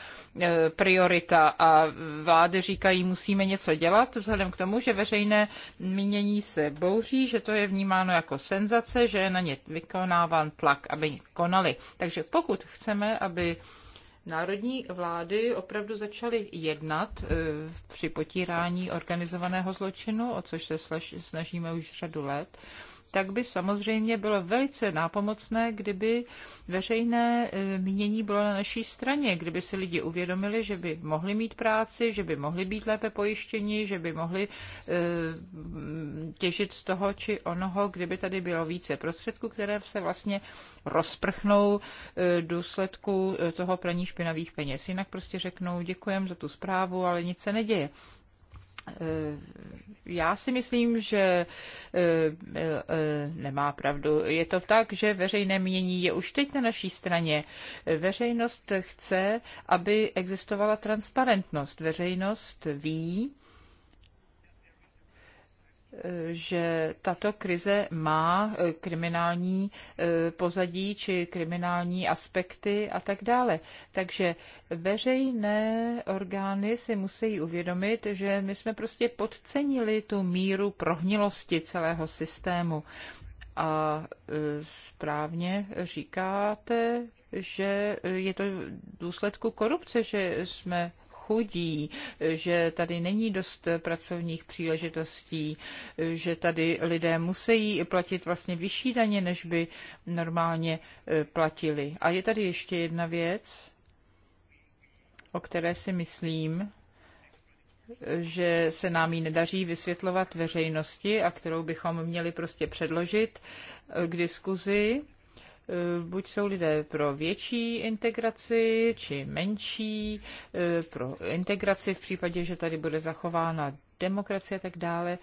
priorita a vlády říkají, musíme něco dělat, vzhledem k tomu, že veřejné mínění se bouří, že to je vnímáno jako senzace, že je na ně vykonáván tlak. A aby konali. Takže pokud chceme, aby národní vlády opravdu začaly jednat eh, při potírání organizovaného zločinu, o což se snažíme už řadu let, tak by samozřejmě bylo velice nápomocné, kdyby veřejné e, mínění bylo na naší straně, kdyby si lidi uvědomili, že by mohli mít práci, že by mohli být lépe pojištěni, že by mohli e, těžit z toho či onoho, kdyby tady bylo více prostředků, které se vlastně rozprchnou e, důsledku toho praní špinavých peněz. Jinak prostě řeknou, děkujem za tu zprávu, ale nic se neděje. Eh, já si myslím, že eh, eh, nemá pravdu. Je to tak, že veřejné mění je už teď na naší straně. Veřejnost chce, aby existovala transparentnost. Veřejnost ví, že tato krize má eh, kriminální eh, pozadí či kriminální aspekty a tak dále. Takže veřejné orgány si musí uvědomit, že my jsme prostě podcenili tu míru prohnilosti celého systému. A eh, správně říkáte, že je to v důsledku korupce, že jsme chudí, že tady není dost pracovních příležitostí, že tady lidé musí platit vlastně vyšší daně, než by normálně e, platili. A je tady ještě jedna věc, o které si myslím, že se nám ji nedaří vysvětlovat veřejnosti a kterou bychom měli prostě předložit e, k diskuzi Eh, buď jsou lidé pro větší integraci či menší, eh, pro integraci v případě, že tady bude zachována demokracie a tak dále.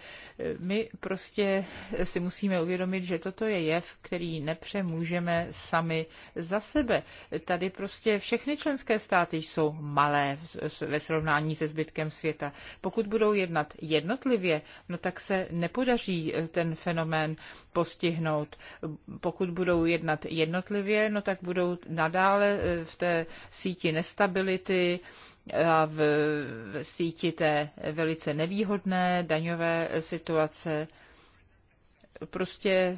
My prostě si musíme uvědomit, že toto je jev, který nepřemůžeme sami za sebe. Tady prostě všechny členské státy jsou malé ve srovnání se zbytkem světa. Pokud budou jednat jednotlivě, no tak se nepodaří ten fenomén postihnout. Pokud budou jednat jednotlivě, no tak budou nadále v té síti nestability, v síti té velice nevýhodné daňové situace. Prostě e,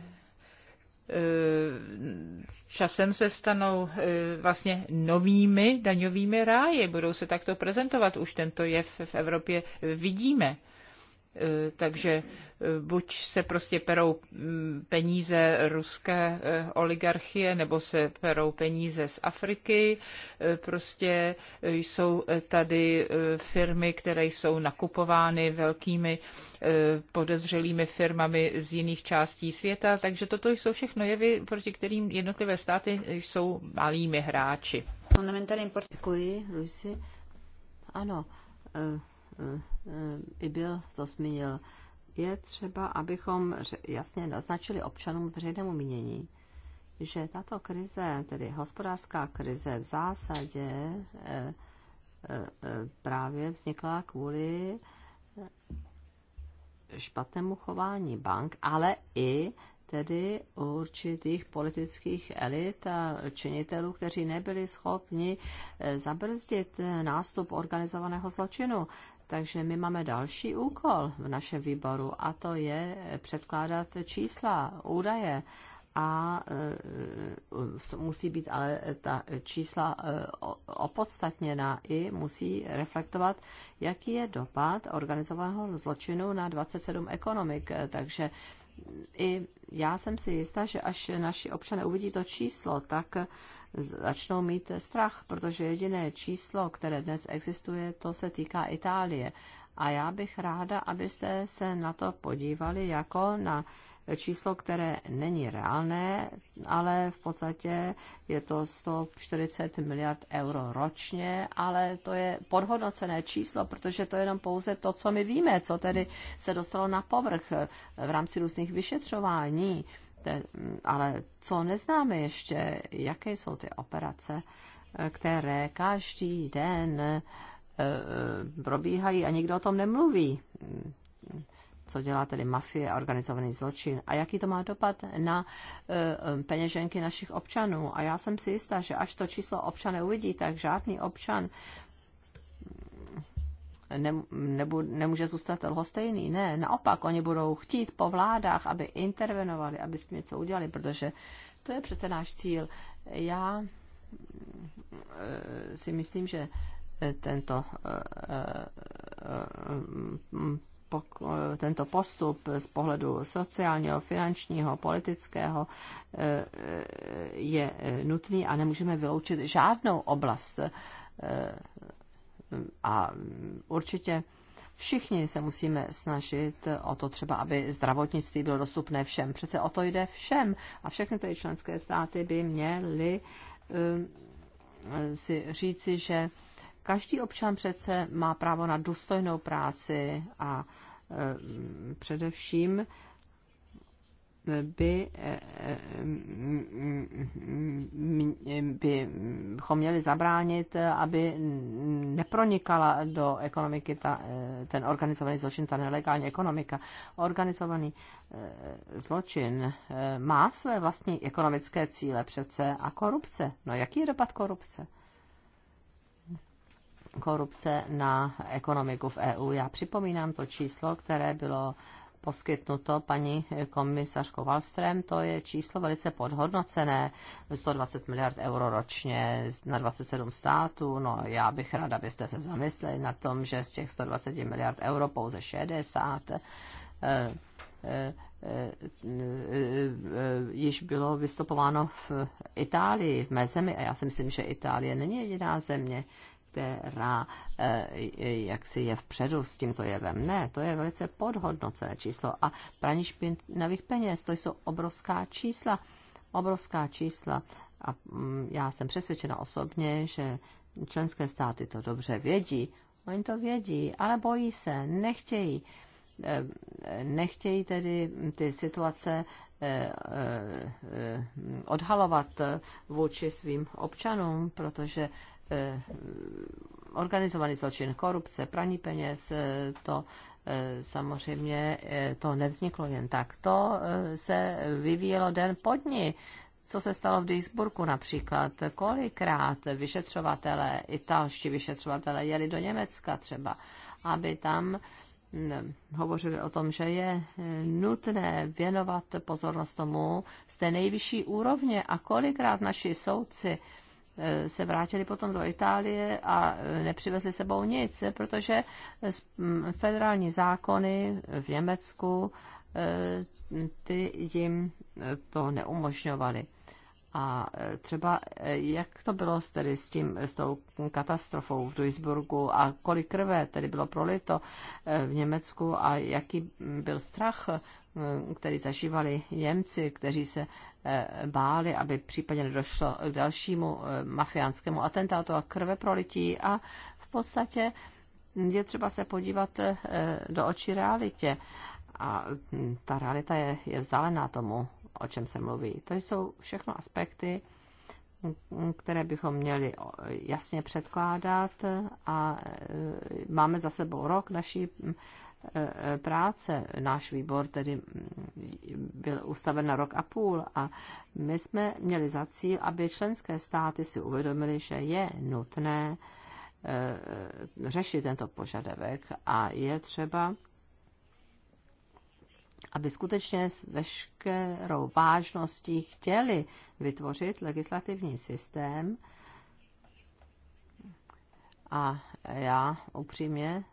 časem se stanou e, vlastně novými daňovými ráje Budou se takto prezentovat. Už tento jev v Evropě vidíme. Eh, takže eh, buď se prostě perou mm, peníze ruské eh, oligarchie, nebo se perou peníze z Afriky. Prostě jsou tady firmy, které jsou nakupovány velkými podezřelými firmami z jiných částí světa. Takže toto jsou všechno jevy, proti kterým jednotlivé státy jsou malými hráči. Fundamentální Děkuji, Lucy. Ano, Eh, eh, i byl to zmínil, je třeba, abychom jasně naznačili občanům veřejnému mínění, že tato krize, tedy hospodářská krize, v zásadě eh, právě vznikla kvůli špatnému chování bank, ale i tedy určitých politických elit a činitelů, kteří nebyli schopni zabrzdit nástup organizovaného zločinu. Takže my máme další úkol v našem výboru a to je předkládat čísla, údaje a e, e, musí být ale ta čísla e, opodstatněná i musí reflektovat, jaký je dopad organizovaného zločinu na 27 ekonomik. Takže i já jsem si jistá, že až naši občané uvidí to číslo, tak začnou mít strach, protože jediné číslo, které dnes existuje, to se týká Itálie. A já bych ráda, abyste se na to podívali jako na číslo, které není reálné, ale v podstatě je to 140 miliard euro ročně, ale to je podhodnocené číslo, protože to je jenom pouze to, co my víme, co tedy se dostalo na povrch v rámci různých vyšetřování. Ale co neznáme ještě, jaké jsou ty operace, které každý den eh, eh, probíhají a nikdo o tom nemluví co dělá tedy mafie a organizovaný zločin a jaký to má dopad na e, e, peněženky našich občanů. A já jsem si jistá, že až to číslo občané uvidí, tak žádný občan ne, nebu, nemůže zůstat lhostejný. Ne, naopak, oni budou chtít po vládách, aby intervenovali, aby s tím něco udělali, protože to je přece náš cíl. Já e, si myslím, že tento e, tento postup z pohledu sociálního, finančního, politického eh, je nutný a nemůžeme vyloučit žádnou oblast. Eh, a určitě všichni se musíme snažit o to třeba, aby zdravotnictví bylo dostupné všem. Přece o to jde všem a všechny ty členské státy by měly eh, si říci, že Každý občan přece má právo na důstojnou práci a e, především by, e, e, bychom měli zabránit, aby nepronikala do ekonomiky ta, ten organizovaný zločin, ta nelegální ekonomika. Organizovaný zločin má své vlastní ekonomické cíle přece a korupce. No jaký je dopad korupce? korupce na ekonomiku v EU. Já připomínám to číslo, které bylo poskytnuto paní komisařkou Wallström, to je číslo velice podhodnocené, 120 miliard euro ročně na 27 států. No já bych ráda, abyste se zamysleli na tom, že z těch 120 miliard euro pouze 60 eh eh, eh, eh, již bylo vystupováno v Itálii, v mé zemi. A já si myslím, že Itálie není jediná země, která eh, si je vpředu s tímto jevem. Ne, to je velice podhodnocené číslo. A praní špinavých peněz, to jsou obrovská čísla. Obrovská čísla. A mm, já jsem přesvědčena osobně, že členské státy to dobře vědí. Oni to vědí, ale bojí se, nechtějí. Eh, nechtějí tedy ty situace eh, odhalovat vůči svým občanům, protože Eh, organizovaný zločin, korupce, praní peněz, eh, to eh, samozřejmě to nevzniklo jen tak. To se vyvíjelo den po dni. Co se stalo v Duisburgu například? Kolikrát vyšetřovatele, italští vyšetřovatele jeli do Německa třeba, aby tam hm, hovořili o tom, že je nutné věnovat pozornost tomu z té nejvyšší úrovně a kolikrát naši soudci se vrátili potom do Itálie a nepřivezli sebou nic, protože federální zákony v Německu e, ty jim to neumožňovaly. A e, třeba e, jak to bylo tedy s, tím, s tou katastrofou v Duisburgu a kolik krve tedy bylo prolito e, v Německu a jaký byl strach, který zažívali Němci, kteří se báli, aby případně došlo k dalšímu mafiánskému atentátu a krve prolití a v podstatě je třeba se podívat do očí realitě. A ta realita je, je vzdálená tomu o čem se mluví. To jsou všechno aspekty, které bychom měli jasně předkládat a e, máme za sebou rok naší e, práce. Náš výbor tedy byl ustaven na rok a půl a my jsme měli za cíl, aby členské státy si uvědomili, že je nutné e, řešit tento požadavek a je třeba aby skutečně s veškerou vážností chtěli vytvořit legislativní systém. A já upřímně,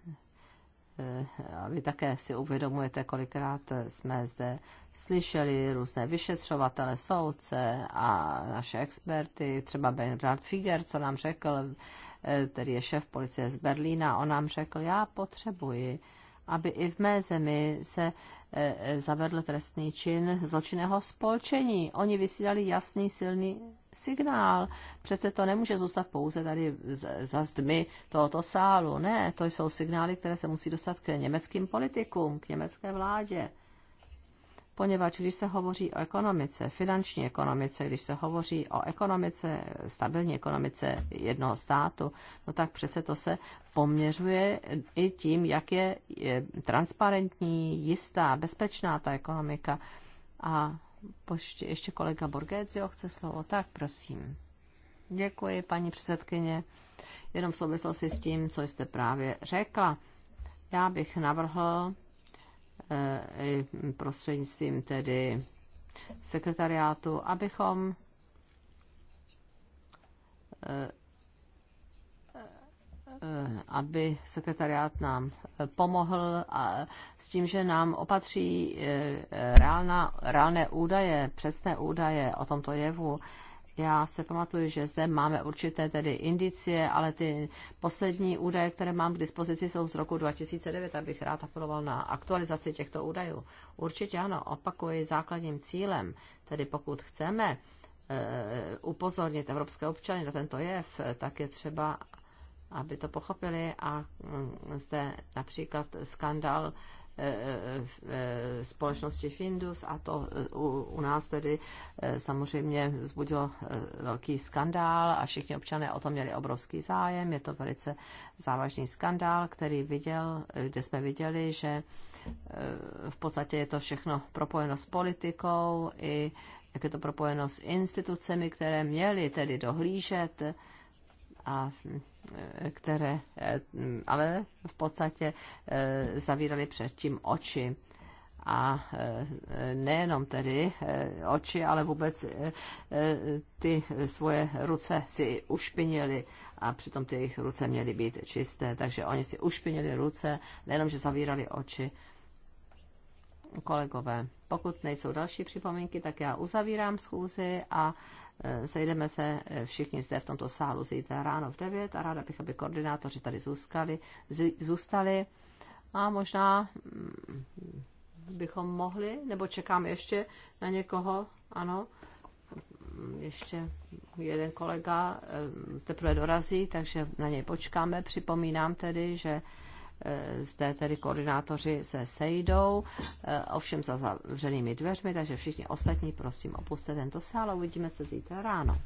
eh, a vy také si uvědomujete, kolikrát jsme zde slyšeli různé vyšetřovatele, soudce a naše experty, třeba Bernard Figer, co nám řekl, eh, který je šéf policie z Berlína, on nám řekl, já potřebuji, aby i v mé zemi se E, e, zavedl trestný čin zločinného spolčení. Oni vysílali jasný, silný signál. Přece to nemůže zůstat pouze tady za zdmi tohoto sálu. Ne, to jsou signály, které se musí dostat k německým politikům, k německé vládě poněvadž když se hovoří o ekonomice, finanční ekonomice, když se hovoří o ekonomice, stabilní ekonomice jednoho státu, no tak přece to se poměřuje i tím, jak je, transparentní, jistá, bezpečná ta ekonomika. A poště, ještě kolega Borgézio chce slovo, tak prosím. Děkuji, paní předsedkyně. Jenom v souvislosti s tím, co jste právě řekla, já bych navrhl Eh, i prostřednictvím tedy sekretariátu, abychom eh, eh, aby sekretariát nám pomohl a s tím, že nám opatří reálna, reálné údaje, přesné údaje o tomto jevu, já se pamatuju, že zde máme určité tedy indicie, ale ty poslední údaje, které mám k dispozici, jsou z roku 2009, abych rád apeloval na aktualizaci těchto údajů. Určitě ano, opakuji, základním cílem, tedy pokud chceme e, upozornit evropské občany na tento jev, eh, tak je třeba, aby to pochopili a mm, zde například skandal Eh, eh, eh, společnosti Findus a to u, u nás tedy samozřejmě vzbudilo velký skandál a všichni občané o tom měli obrovský zájem. Je to velice závažný skandál, který viděl, kde jsme viděli, že v podstatě je to všechno propojeno s politikou i jak je to propojeno s institucemi, které měly tedy dohlížet a které e, ale v podstatě e, zavírali předtím oči. A e, nejenom tedy oči, ale vůbec ty svoje ruce si ušpinili a přitom ty jejich ruce měly být čisté. Takže oni si ušpinili ruce, nejenom, že zavírali oči. Kolegové, pokud nejsou další připomínky, tak já uzavírám schůzi a Eh, sejdeme se eh, všichni zde v tomto sálu zítra ráno v 9 a ráda bych, aby koordinátoři tady zůstali, zůstali. A možná mm, bychom mohli, nebo čekám ještě na někoho, ano, mm, ještě jeden kolega eh, teprve dorazí, takže na něj počkáme. Připomínám tedy, že Eh, zde tedy koordinátoři se sejdou, eh, ovšem za zavřenými dveřmi, takže všichni ostatní prosím opuste tento sál a uvidíme se zítra ráno.